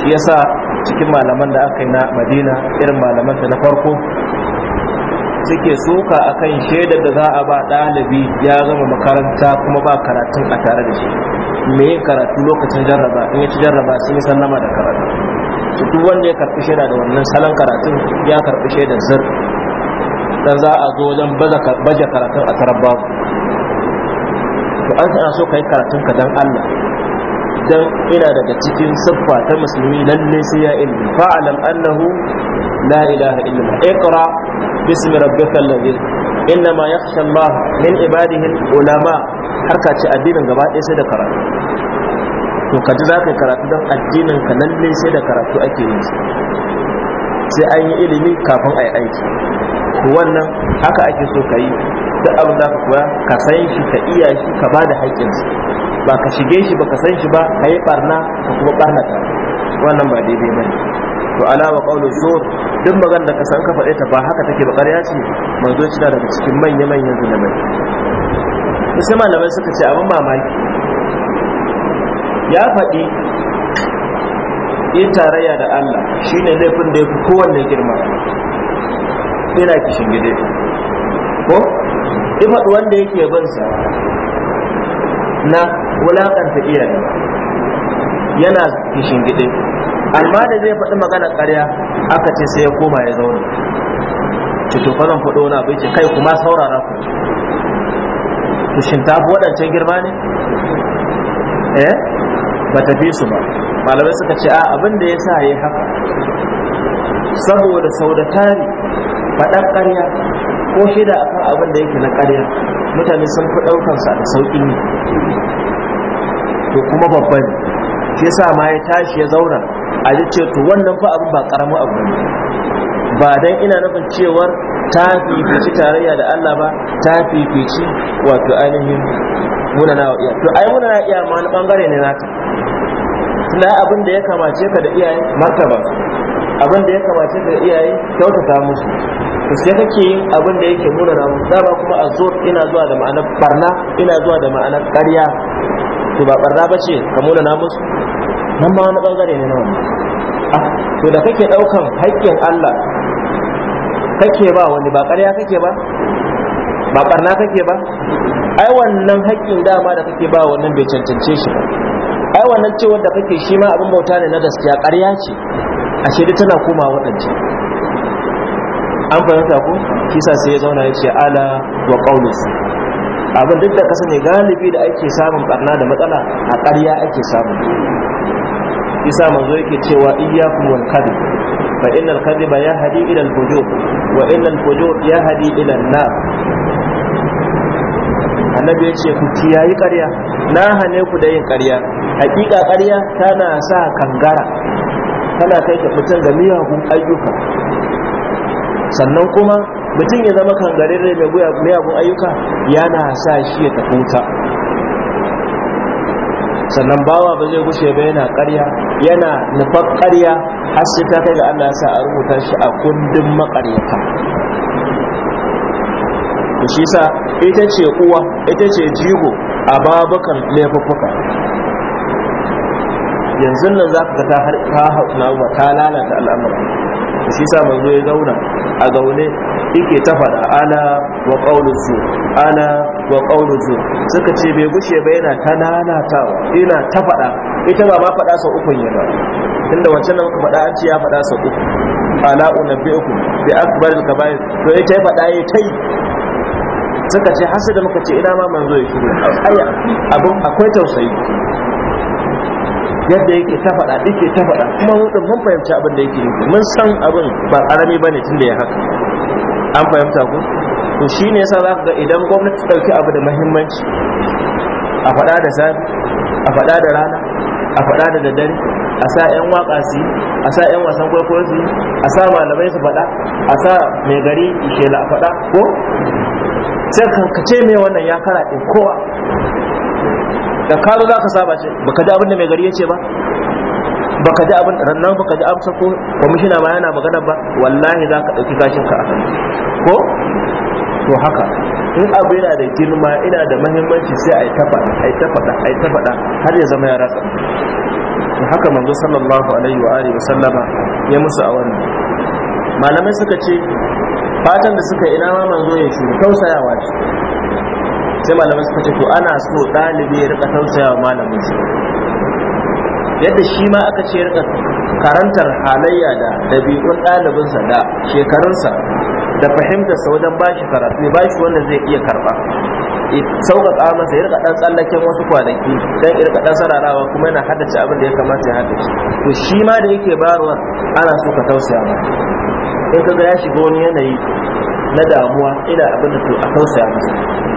shi yasa cikin malaman da aka yi na madina irin malamansa na farko suke suka akan shaidar da za a ba ɗalibi ya zama makaranta kuma ba karatun a tare da shi me yin karatu lokacin jarraba in yaci jarraba sun yi sallama da karatu su duk wanda ya karfi shaida da wannan salon karatun ya karfi shaidar zir dan za a zo wajen baje karatun a tarar babu to an so ka yi karatun ka dan Allah Idan ina daga cikin siffa ta musulmi lalle sai ya ilmi fa'alam annahu la ilaha illallah iqra bismi rabbikal ladhi inna ma yakhsha Allah min ibadihi ulama harka ce addinin gaba ɗaya sai da karatu to ka ji karatu don addinin ka lalle sai da karatu ake yi sai an yi ilimi kafin a yi aiki wannan haka ake so ka yi duk abin ka koya ka san shi ka iya shi ka ba da haƙƙinsa ba ka shige shi ba ka san shi ba ka yi barna ka kuma barna ta wannan ba daidai ba ne to alama kaulu zuwa duk magan da ka san ka faɗe ta ba haka take ba ƙarya ce manzo shi daga cikin manya manyan zunubai sai malamai suka ce abin mamaki ya faɗi yi tarayya da Allah shine laifin da ya fi kowanne girma yana kishin gide ko in faɗi wanda yake bansa na wulakanta iyaye yana kishin gide amma da zai faɗi magana karya. aka ce sai ya koma ya zauna cikin fa faɗo na bai ce kai kuma saurara ku to shin ta waɗancan girma ne eh ba ta su ba malamai suka ce a abin da ya sa ya haka saboda sau da tari faɗan ƙarya ko shida akan abin da yake na karya. mutane sun fi ɗaukansa da sauƙi yi to kuma babban ke sa ma ya tashi ya zauna a ji ce to wannan fa abin ba ƙaramin abu ne ba dan ina nufin cewar ta fifici tarayya da Allah ba ta fifici wato ainihin muna na iya to ai muna na iya ma wani bangare ne naka tunda abin da ya kamace ka da iyaye martaba abin da ya kamace ka da iyaye kyautata musu to sai kake yin abin da yake nuna na dama kuma a zo ina zuwa da ma'anar barna ina zuwa da ma'anar ƙarya to ba barna ba ce ka nuna na musu nan ba wani bangare ne na wani ah, to da kake ɗaukan haƙƙin Allah kake ba wani ba ƙarya kake ba ba barna kake ba ai wannan haƙƙin dama da kake ba wannan bai cancance shi ba ai wannan cewa da kake shi ma abin bauta ne na gaskiya ƙarya ce ashe dai tana komawa waɗancan an fahimta ku? kisa sai ya zauna ya ce ala wa qaulus abin duk da kasa ne galibi da ake samun barna da matsala a ƙarya ake samun kisa manzo yake cewa iyyakum wal kadhib fa innal ya hadi ila al fujur wa innal ya hadi ila an annabi ya ce ku kiyayi ƙarya na hane ku da yin ƙarya hakika ƙarya tana sa kangara tana kai ka fitar da miyagun ayyuka sannan kuma mutum ya zama rai mai miyagun ayyuka yana sa shi ya tafi wuta sannan bawa ba zai gushe ba yana karya yana nufar karya har sai ta kai ga Allah ya sa a rubuta shi a kundin makaryata da shi sa ita ce uwa ita ce jigo a babakan laifuffuka yanzu nan za ka ta har ta hauna ta lalata al'amura shi sa manzo ya zauna a gaune yake ta faɗa ana wa qawlu zu ala wa qawlu zu suka ce bai gushe ba yana ta nanatawa yana ta faɗa ita ba ma faɗa sau uku ne ba tunda wancan da muka faɗa an ce ya faɗa sau uku ala unabbiukum bi akbar al-kaba'ir to ita ya faɗa yayi tai suka ce hasu da muka ce ina ma manzo ya shiru ai abun akwai tausayi yadda yake ta faɗa yake ta faɗa kuma hudun mun fahimci abin da yake nufi mun san abin ba karami ba ne tunda ya haka an fahimta ku to shi yasa za ga idan gwamnati ɗauki abu da muhimmanci a faɗa da safi a faɗa da rana a faɗa da daddare a sa 'yan waƙa su a sa 'yan wasan kwaikwayo su yi a sa malamai su faɗa a sa mai gari ke la faɗa ko sai kankace mai wannan ya kara kowa da karo za ka saba ce baka ji abin da mai gari ya ce ba baka ji abin rannan baka ji amsa ko kwamishina ba yana magana ba wallahi za ka ɗauki gashin ka a kan ko to haka in abu yana da girma ina da mahimmanci sai a yi ta a yi tafa a yi ta har ya zama ya ratsa to haka manzo sallallahu alaihi wa alihi wa sallama ya musu a wannan malamai suka ce fatan da suka ina ma manzo ya shi tausayawa ce sai malamai suka ce to ana so ɗalibi ya rika tausayawa malamin shi yadda shi ma aka ce rika karantar halayya da ɗabi'un ɗalibinsa da shekarunsa da fahimtarsa wajen bashi karatu ba bashi wanda zai iya karɓa sauƙaƙa masa ya rika ɗan tsallaken wasu kwanaki dan ya rika ɗan sararawa kuma yana haddace abin da ya kamata ya haddace to shi ma da yake barwa ana so ka tausaya ma in kaga ya shiga wani yanayi na damuwa ina abin da to a tausaya masa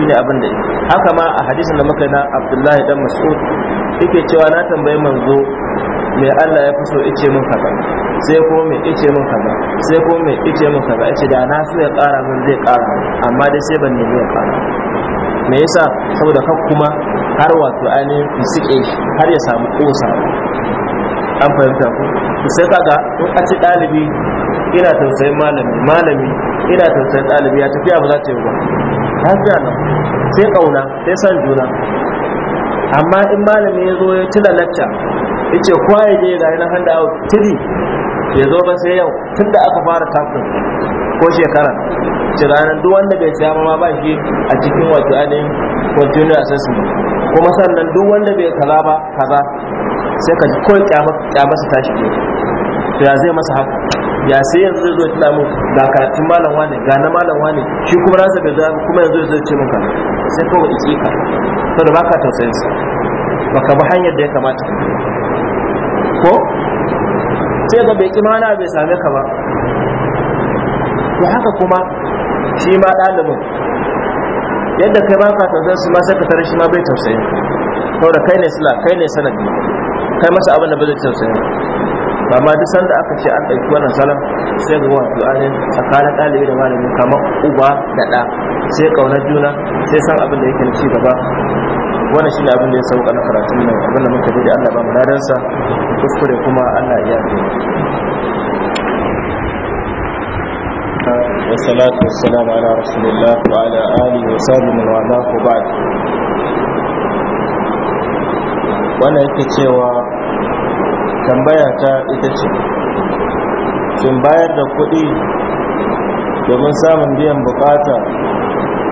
shine abin da yake haka ma a hadisin da muka yi na Abdullahi dan Mas'ud yake cewa na tambayi manzo me Allah ya fi so ice min kaza sai ko me ice min kaza sai ko me ice min kaza yace da na so ya kara min zai ƙara amma dai sai ban nemi ya kara me yasa saboda kan kuma har wato ainihin fisike shi har ya samu kosa an fahimta ku sai kaga in a ci dalibi ina tausayin malami malami ina tausayin ɗalibi ya tafiya ba za ta yi ba lafiya nan sai ƙauna sai san juna amma in malami ya zo ya tila lacca ya ce kowa ya je ga yana handa out tiri ya zo ba sai yau tun da aka fara tafin ko shekara ce ranar duk wanda bai saya ma ba shi a cikin wato ainihin continuous assessment kuma sannan duk wanda bai kaza ba kaza sai ka ji kawai kyamasa tashi ke to ya zai masa haka ya sai yanzu zai zo ya tuna ga karatun malam wane ga na malam wane shi kuma na bai gaza kuma yanzu zai ce muka sai kawai iki ka da baka tausayin sa baka bi hanyar da ya kamata ko sai ga bai kimana bai same ka ba to haka kuma shi ma ɗalibin yadda kai baka tausayin su ma sai ka tare shi ma bai tausayin saboda kai ne sila kai ne sanadi kai masa abin da bai tausayin kama duk sanda aka ce an ɗauki wannan salon sai ga wa ainihin tsakanin ɗalibi da malami kama uba da ɗa sai ƙaunar juna sai san abin da yake da ci gaba wannan shi ne abin da ya sauka na karatun nan abin da muka bude Allah ba mu ladansa kuskure kuma Allah ya yi والصلاة والسلام على رسول الله وعلى آله وسلم ba wannan yake cewa. tambaya ta ita ce shin bayar da kuɗi domin samun biyan bukata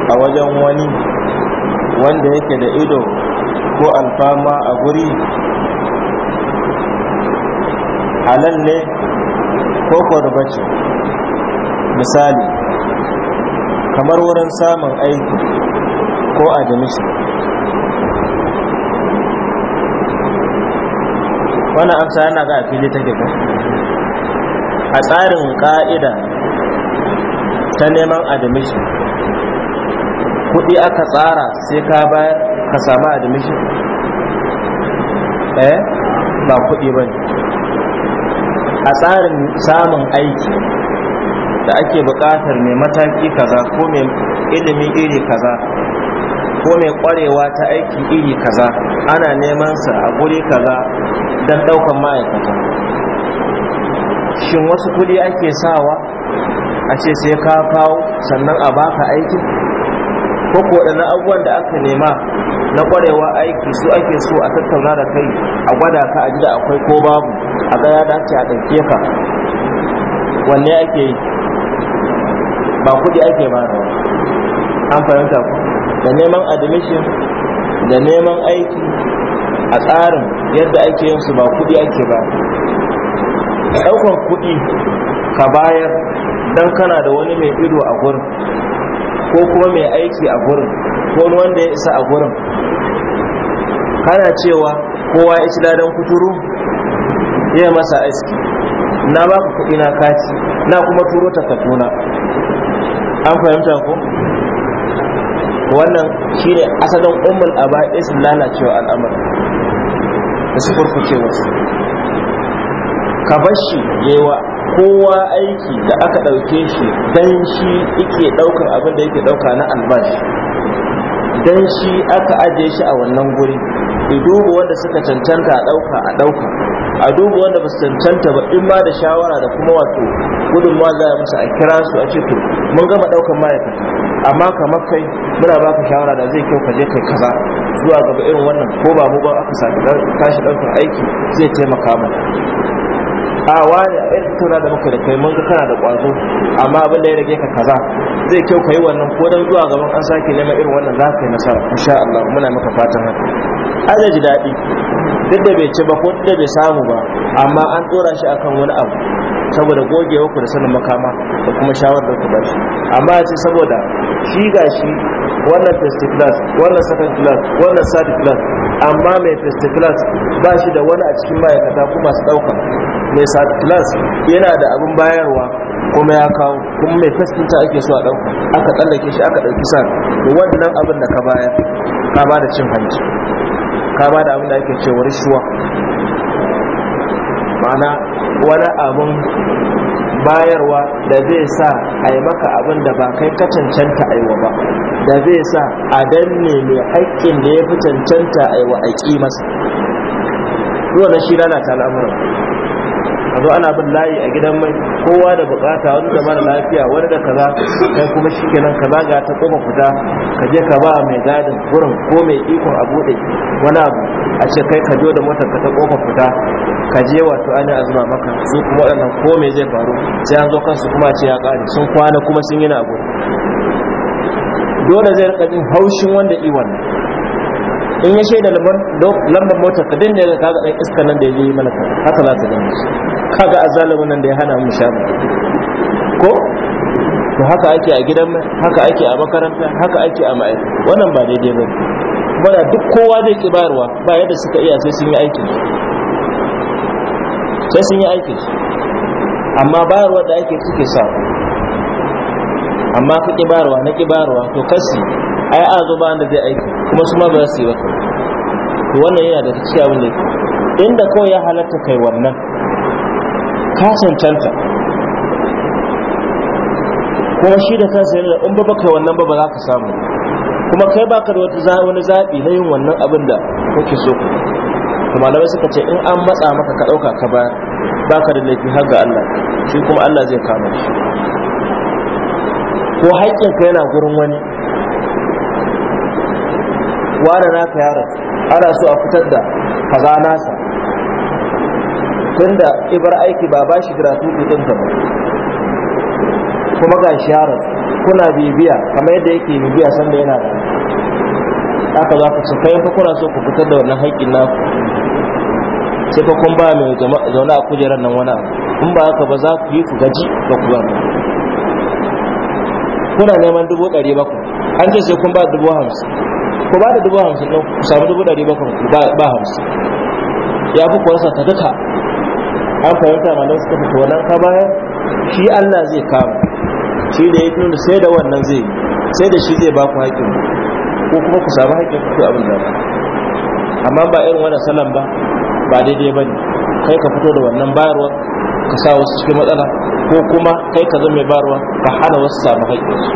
a wajen wani wanda yake da ido ko alfama a guri halal ne ko kwarba misali kamar wurin samun aiki ko admission wani amsa yana ga a fili take ba a tsarin ka'ida ta neman admission kuɗi aka tsara sai ka bayar ka samu admission eh ba kuɗi ba a tsarin samun aiki da ake buƙatar mai mataki kaza ko mai ilimi iri kaza ko mai ƙwarewa ta aiki iri kaza ana neman sa a guri kaza don ɗaukan ma'aikata shin wasu kuɗi ake sawa a ce sai ka kawo sannan a baka aikin ko na abubuwan da aka nema na kwarewa aiki su ake so a tattauna da kai a gwada ka a ji da akwai ko babu a ga ya dace a ɗauke ka wanne ake yi ba kuɗi ake ba da an fahimta ku da neman admission da neman aiki a tsarin yadda ake yin su ba kuɗi ake ba ɗaukar kuɗi ka bayar don kana da wani mai ido a gurin ko kuma mai aiki a gurin ko wanda ya isa a gurin kana cewa kowa ya ci dadan kuturu ya masa aski na ba ku kuɗi na kati na kuma turo katuna an fahimta ko wannan shine asalin ummul aba'is lalacewa al'amara da su wasu ka bashi yawa kowa aiki da aka ɗauke shi don shi ike ɗaukar abin da yake ɗauka na albashi don shi aka ajiye shi a wannan guri duba wanda suka cancanta a ɗauka a ɗauka a duba wanda ba su cancanta ba in ba da shawara da kuma wato gudunmawa za a musu a kira su a ce to mun gama daukan ma'aikata amma kamar kai muna baka shawara da zai kyau ka je kai kaza zuwa gaba irin wannan ko ba mu ba aka sami tashi daukan aiki zai taimaka mana a wani a irin tuna da muka da kai mun ga kana da kwazo amma abin da ya rage ka kaza zai kyau ka yi wannan ko dan zuwa gaban an sake neman irin wannan za ka yi nasara insha Allah muna maka fatan haka har ji daɗi duk da bai ci ba ko da bai samu ba amma an tsora shi akan wani abu saboda gogewa ku da sanin makama da kuma shawarar ku ba shi amma ya ce saboda shi ga shi wannan first class wannan second class wannan third class amma mai first class ba shi da wani a cikin ma'aikata ko masu ɗauka mai third class yana da abin bayarwa kuma ya kawo kuma mai first ake so a ɗauka aka tsallake shi aka ɗauki sa da wannan abin da ka bayar ka ba da cin hanci ka ba da abin da ake cewa rishuwa ma'ana wani abin bayarwa da zai sa a yi maka abin da ba kai ka cancanta wa ba da zai sa a danne mai haƙƙin da ya fi cancanta aiwa a ƙi masa ruwa na shi lalata al'amuran a zo ana bin layi a gidan mai kowa da bukata wani da mara lafiya wani da kaza kai kuma shi kenan kaza ga ta koma fita ka je ka ba mai gadin gurin ko mai ikon a bude wani abu a ce kai ka jo da motar ka ta koma fita ka je wato ana azuma maka su kuma waɗannan ko me zai faru sai an zo kansu kuma ce ya kare sun kwana kuma sun yi na abu dole zai rika jin haushin wanda i wannan in ya shaida lambar motar ka ne ka ga dan iska nan da ya yi mana haka za ta gani kaga azalimin nan da ya hana mu shanu ko to haka ake a gidan mai haka ake a makaranta haka ake a ma'aikata wannan ba daidai ba kuma da duk kowa zai ki bayarwa ba yadda suka iya sai sun yi aikin sai sun yi aikin amma bayarwa da ake suke sa amma ka ki na ki to kasi ai a zo ba da zai aiki kuma su ma ba su yi ba to wannan yana da cikin abin da inda kawai ya halatta kai wannan ka kuma shi da kansa yana in ba baka wannan ba ba za ka samu kuma kai baka da wata wani zaɓi na yin wannan abin da kake so kuma malamai suka ce in an matsa maka ka ɗauka ka ba baka da laifi har ga Allah shi kuma Allah zai kama shi ko ka yana gurin wani ware naka yaron ana so a fitar da kaza nasa tunda ibar aiki ba ba shi gratuity din ba kuma ga sharar kuna bibiya kamar yadda yake bibiya sanda yana da aka za ku kai fa kuna so ku fitar da wannan haƙƙin naku sai fa kun ba mai zaune a kujerar nan wani abu in ba haka ba za ku yi ku gaji ba ku ba kuna neman dubu ɗari ba ku an ce sai kun ba dubu hamsin ku ba da dubu hamsin ɗin ku samu dubu ɗari ba ku ba hamsin ya fi kuwarsa ta duka an fahimta ma suka fito wannan ka baya? shi Allah zai kama shi da ya nuna sai da wannan zai sai da shi zai ba ku haƙƙin ko kuma ku samu haƙƙin ku abin da ba amma ba irin wannan salon ba ba daidai ba ne. kai ka fito da wannan bayarwa ka sa wasu cikin matsala ko kuma kai ka zama mai bayarwa ka hana wasu samu haƙƙin su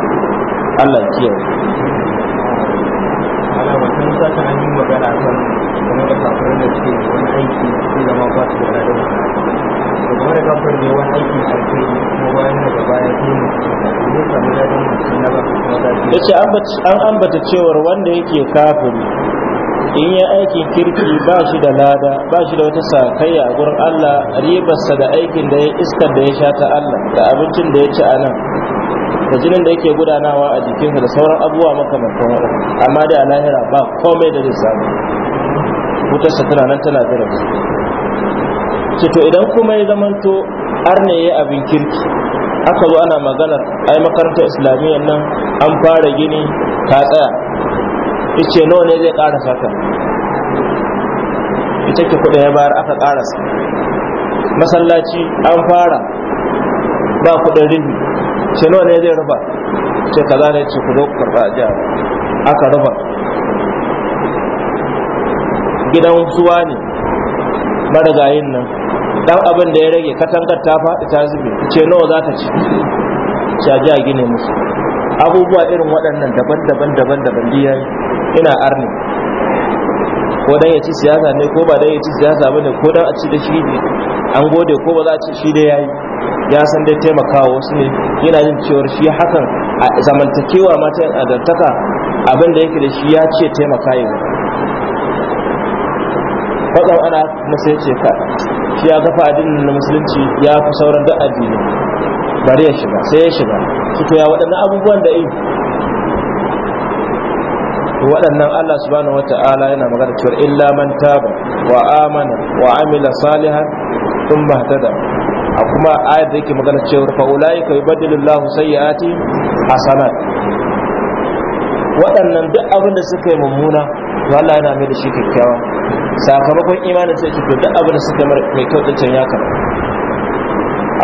Allah ya kiyaye magana kan game da kafirin da suke wani aiki zai zama ba su da da ce an ambata cewar wanda yake kafiri in yi aikin kirki ba shi da lada ba shi da wata sakayya a gurin Allah ribarsa da aikin da ya iska da ya sha ta Allah da abincin da ya ci a nan da jinin da yake gudanawa a jikinsa da sauran abubuwa makamantan waɗanda amma da a lahira ba komai da zai samu wutarsa tana nan tana zira ce to idan kuma ya zamanto arne ya abin kirki aka zo ana maganar ai makarantar islamiyya nan an fara gini ta tsaya ce nawa ne zai ƙara sata ita ke kuɗin ya bayar aka sa. masallaci an fara ba kuɗin rihi ce nawa ne zai rufa ce kaza ne ce ku zo ku karɓa ajiya aka rufa gidan suwa ne marigayin nan dan abin da ya rage katangar ta faɗi ta zube ce nawa za ta ci caji a gine musu abubuwa irin waɗannan daban-daban daban-daban diya ina arni ko dan ya ci siyasa ne ko ba dan ya ci siyasa bane ko dan a ci da shi ne an gode ko ba za a ci shi da yayi ya san dai taimakawa wasu ne yana jin cewar shi hakan a zamantakewa mata adantaka abin da yake da shi ya ce taimaka yi faɗau ana kuma sai ce ka shi ya kafa addinin na musulunci ya fi sauran da addini bari ya shiga sai ya shiga su to ya waɗannan abubuwan da yi waɗannan Allah subhanahu wata'ala yana magana cewa illa man taba wa amana wa amila salihan thumma ihtada a kuma ayar da yake magana cewa fa ulaika yubaddilu Allahu sayyi'ati hasanat waɗannan duk abin da suka yi mummuna to Allah yana mai da shi kyakkyawa sakamakon imanin sai to duk abin da suka mar mai kyau din ya kan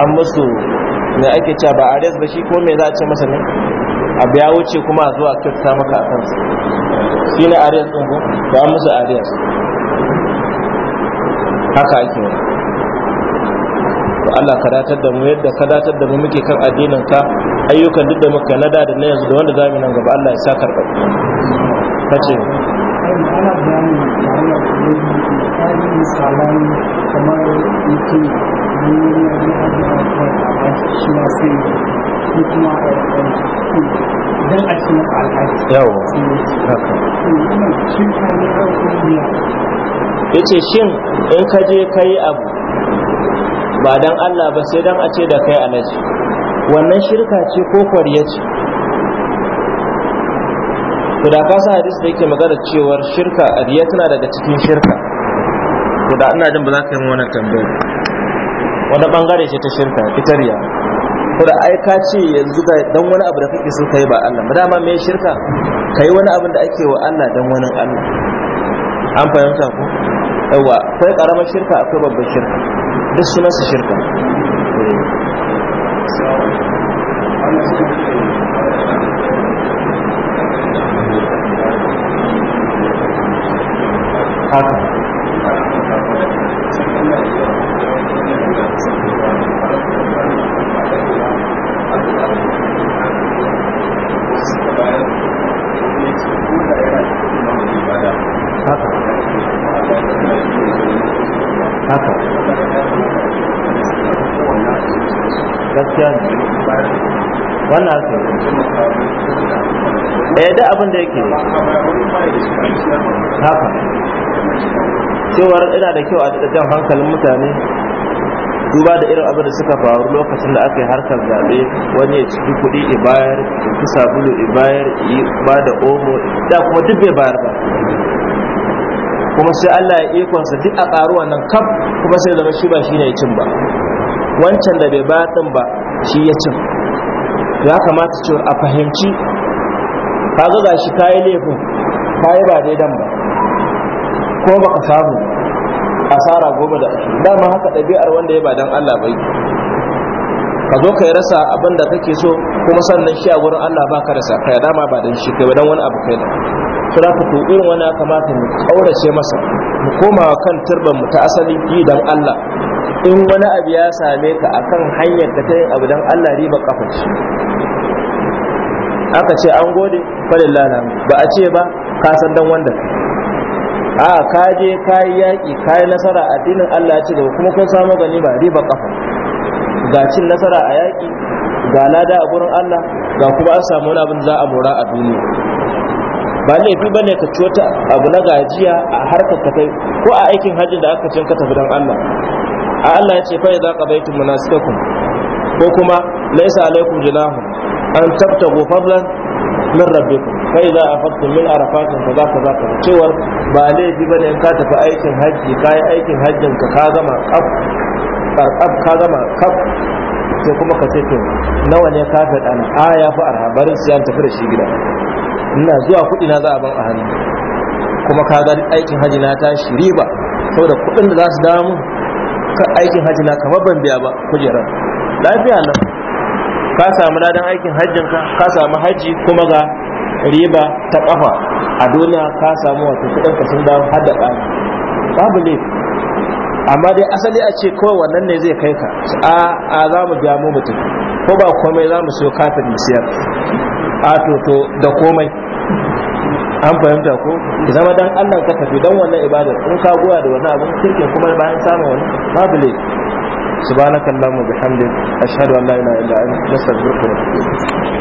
an musu me ake cewa ba ares ba shi ko me za a ce masa ne abu ya wuce kuma a zuwa kyautata maka a kansa shi ne ares ɗin ko ba musu ares haka ake wani to Allah ka datar da mu yadda ka datar da mu muke kan addinin ka ayyukan duk da muka nada da na yanzu da wanda zamu nan gaba Allah ya sa karɓa kace kamar yake dan a cikin alhaji yawa yace shin in ka je kai abu ba dan Allah ba sai dan a ce da kai alaji wannan shirka ce ko kwariya ce to da kasa hadis da yake magana cewar shirka ariya tana daga cikin shirka to da ina jin ba za ka yi wannan tambaya wani bangare ce ta shirka ita riya ko da ai ka ce yanzu ga dan wani abu da kake so kai ba Allah ba dama me shirka kai wani abu da ake wa Allah dan wani Allah an fahimta ku yawa kai karamar shirka akwai babbar shirka duk sunan su shirka haka yana da kyau a jan hankalin mutane duba da irin abin da suka faru lokacin da aka yi harkar zaɓe wani ya ciki kuɗi i bayar ciki sabulu i bayar i ba da omo da kuma duk bai bayar ba kuma sai Allah ya ikonsa duk a ƙaru wannan kaf kuma sai zama shi ba shi ne ya cin ba wancan da bai bayar ɗin ba shi ya cin ya kamata cewa a fahimci ka ga shi yi laifin yi ba daidan ba ko baka samu asara gobe da dama haka ɗabi'ar wanda ya ba dan Allah bai ka zo ka yi rasa abin da kake so kuma sannan shi a wurin Allah ba ka rasa ka ya dama ba dan shi kai dan wani abu kai da to da to irin wani ya kamata mu kaurace masa mu koma kan turban mu ta asali yi dan Allah in wani abu ya same ka akan hanyar ka ta yin abu dan Allah riba kafa shi aka ce an gode falillah ba a ce ba ka san dan wanda ka a ka je ka yi yaƙi ka yi nasara addinin Allah ya ci gaba kuma kun samu gani ba riba kafa ga cin nasara a yaƙi ga lada a gurin Allah ga kuma an samu wani abin za a mora a duniya ba laifi bane ka ci wata abu na gajiya a harkar ka kai ko a aikin hajji da aka cin ka tafi don Allah a Allah ya ce fa idza qabaitum munasikakum ko kuma laysa alaikum jinahu an tabtagu fadlan min rabbikum fa idza afattum min za ka-za ka. cewar ba laifi bane in ka tafi aikin haji kai aikin hajjin ka ka gama kaf karkaf ka gama kaf sai kuma ka ce to nawa ne ka faɗa na a ya fi arha barin siyan tafi da shi gida ina zuwa kuɗi na za a ban a hannu kuma ka ga aikin haji na tashi riba saboda kuɗin da za su damu kan aikin haji na kamar ban biya ba kujerar lafiya nan ka samu ladan aikin hajjin ka ka samu hajji kuma ga riba ta kafa a duniya ka samu wato kudin ka sun dawo hadda ka babu ne amma dai asali a ce kawai wannan ne zai kai ka a a za mu ja mu mutum ko ba komai za mu siyo kafin mu siyar a to to da komai an fahimta ko zama dan Allah ka tafi dan wannan ibadar in ka goya da wannan abun kirkin kuma bayan samun wannan babu ne سبحانك اللهم وبحمدك اشهد ان لا اله الا انت نستغفرك ونتوب اليك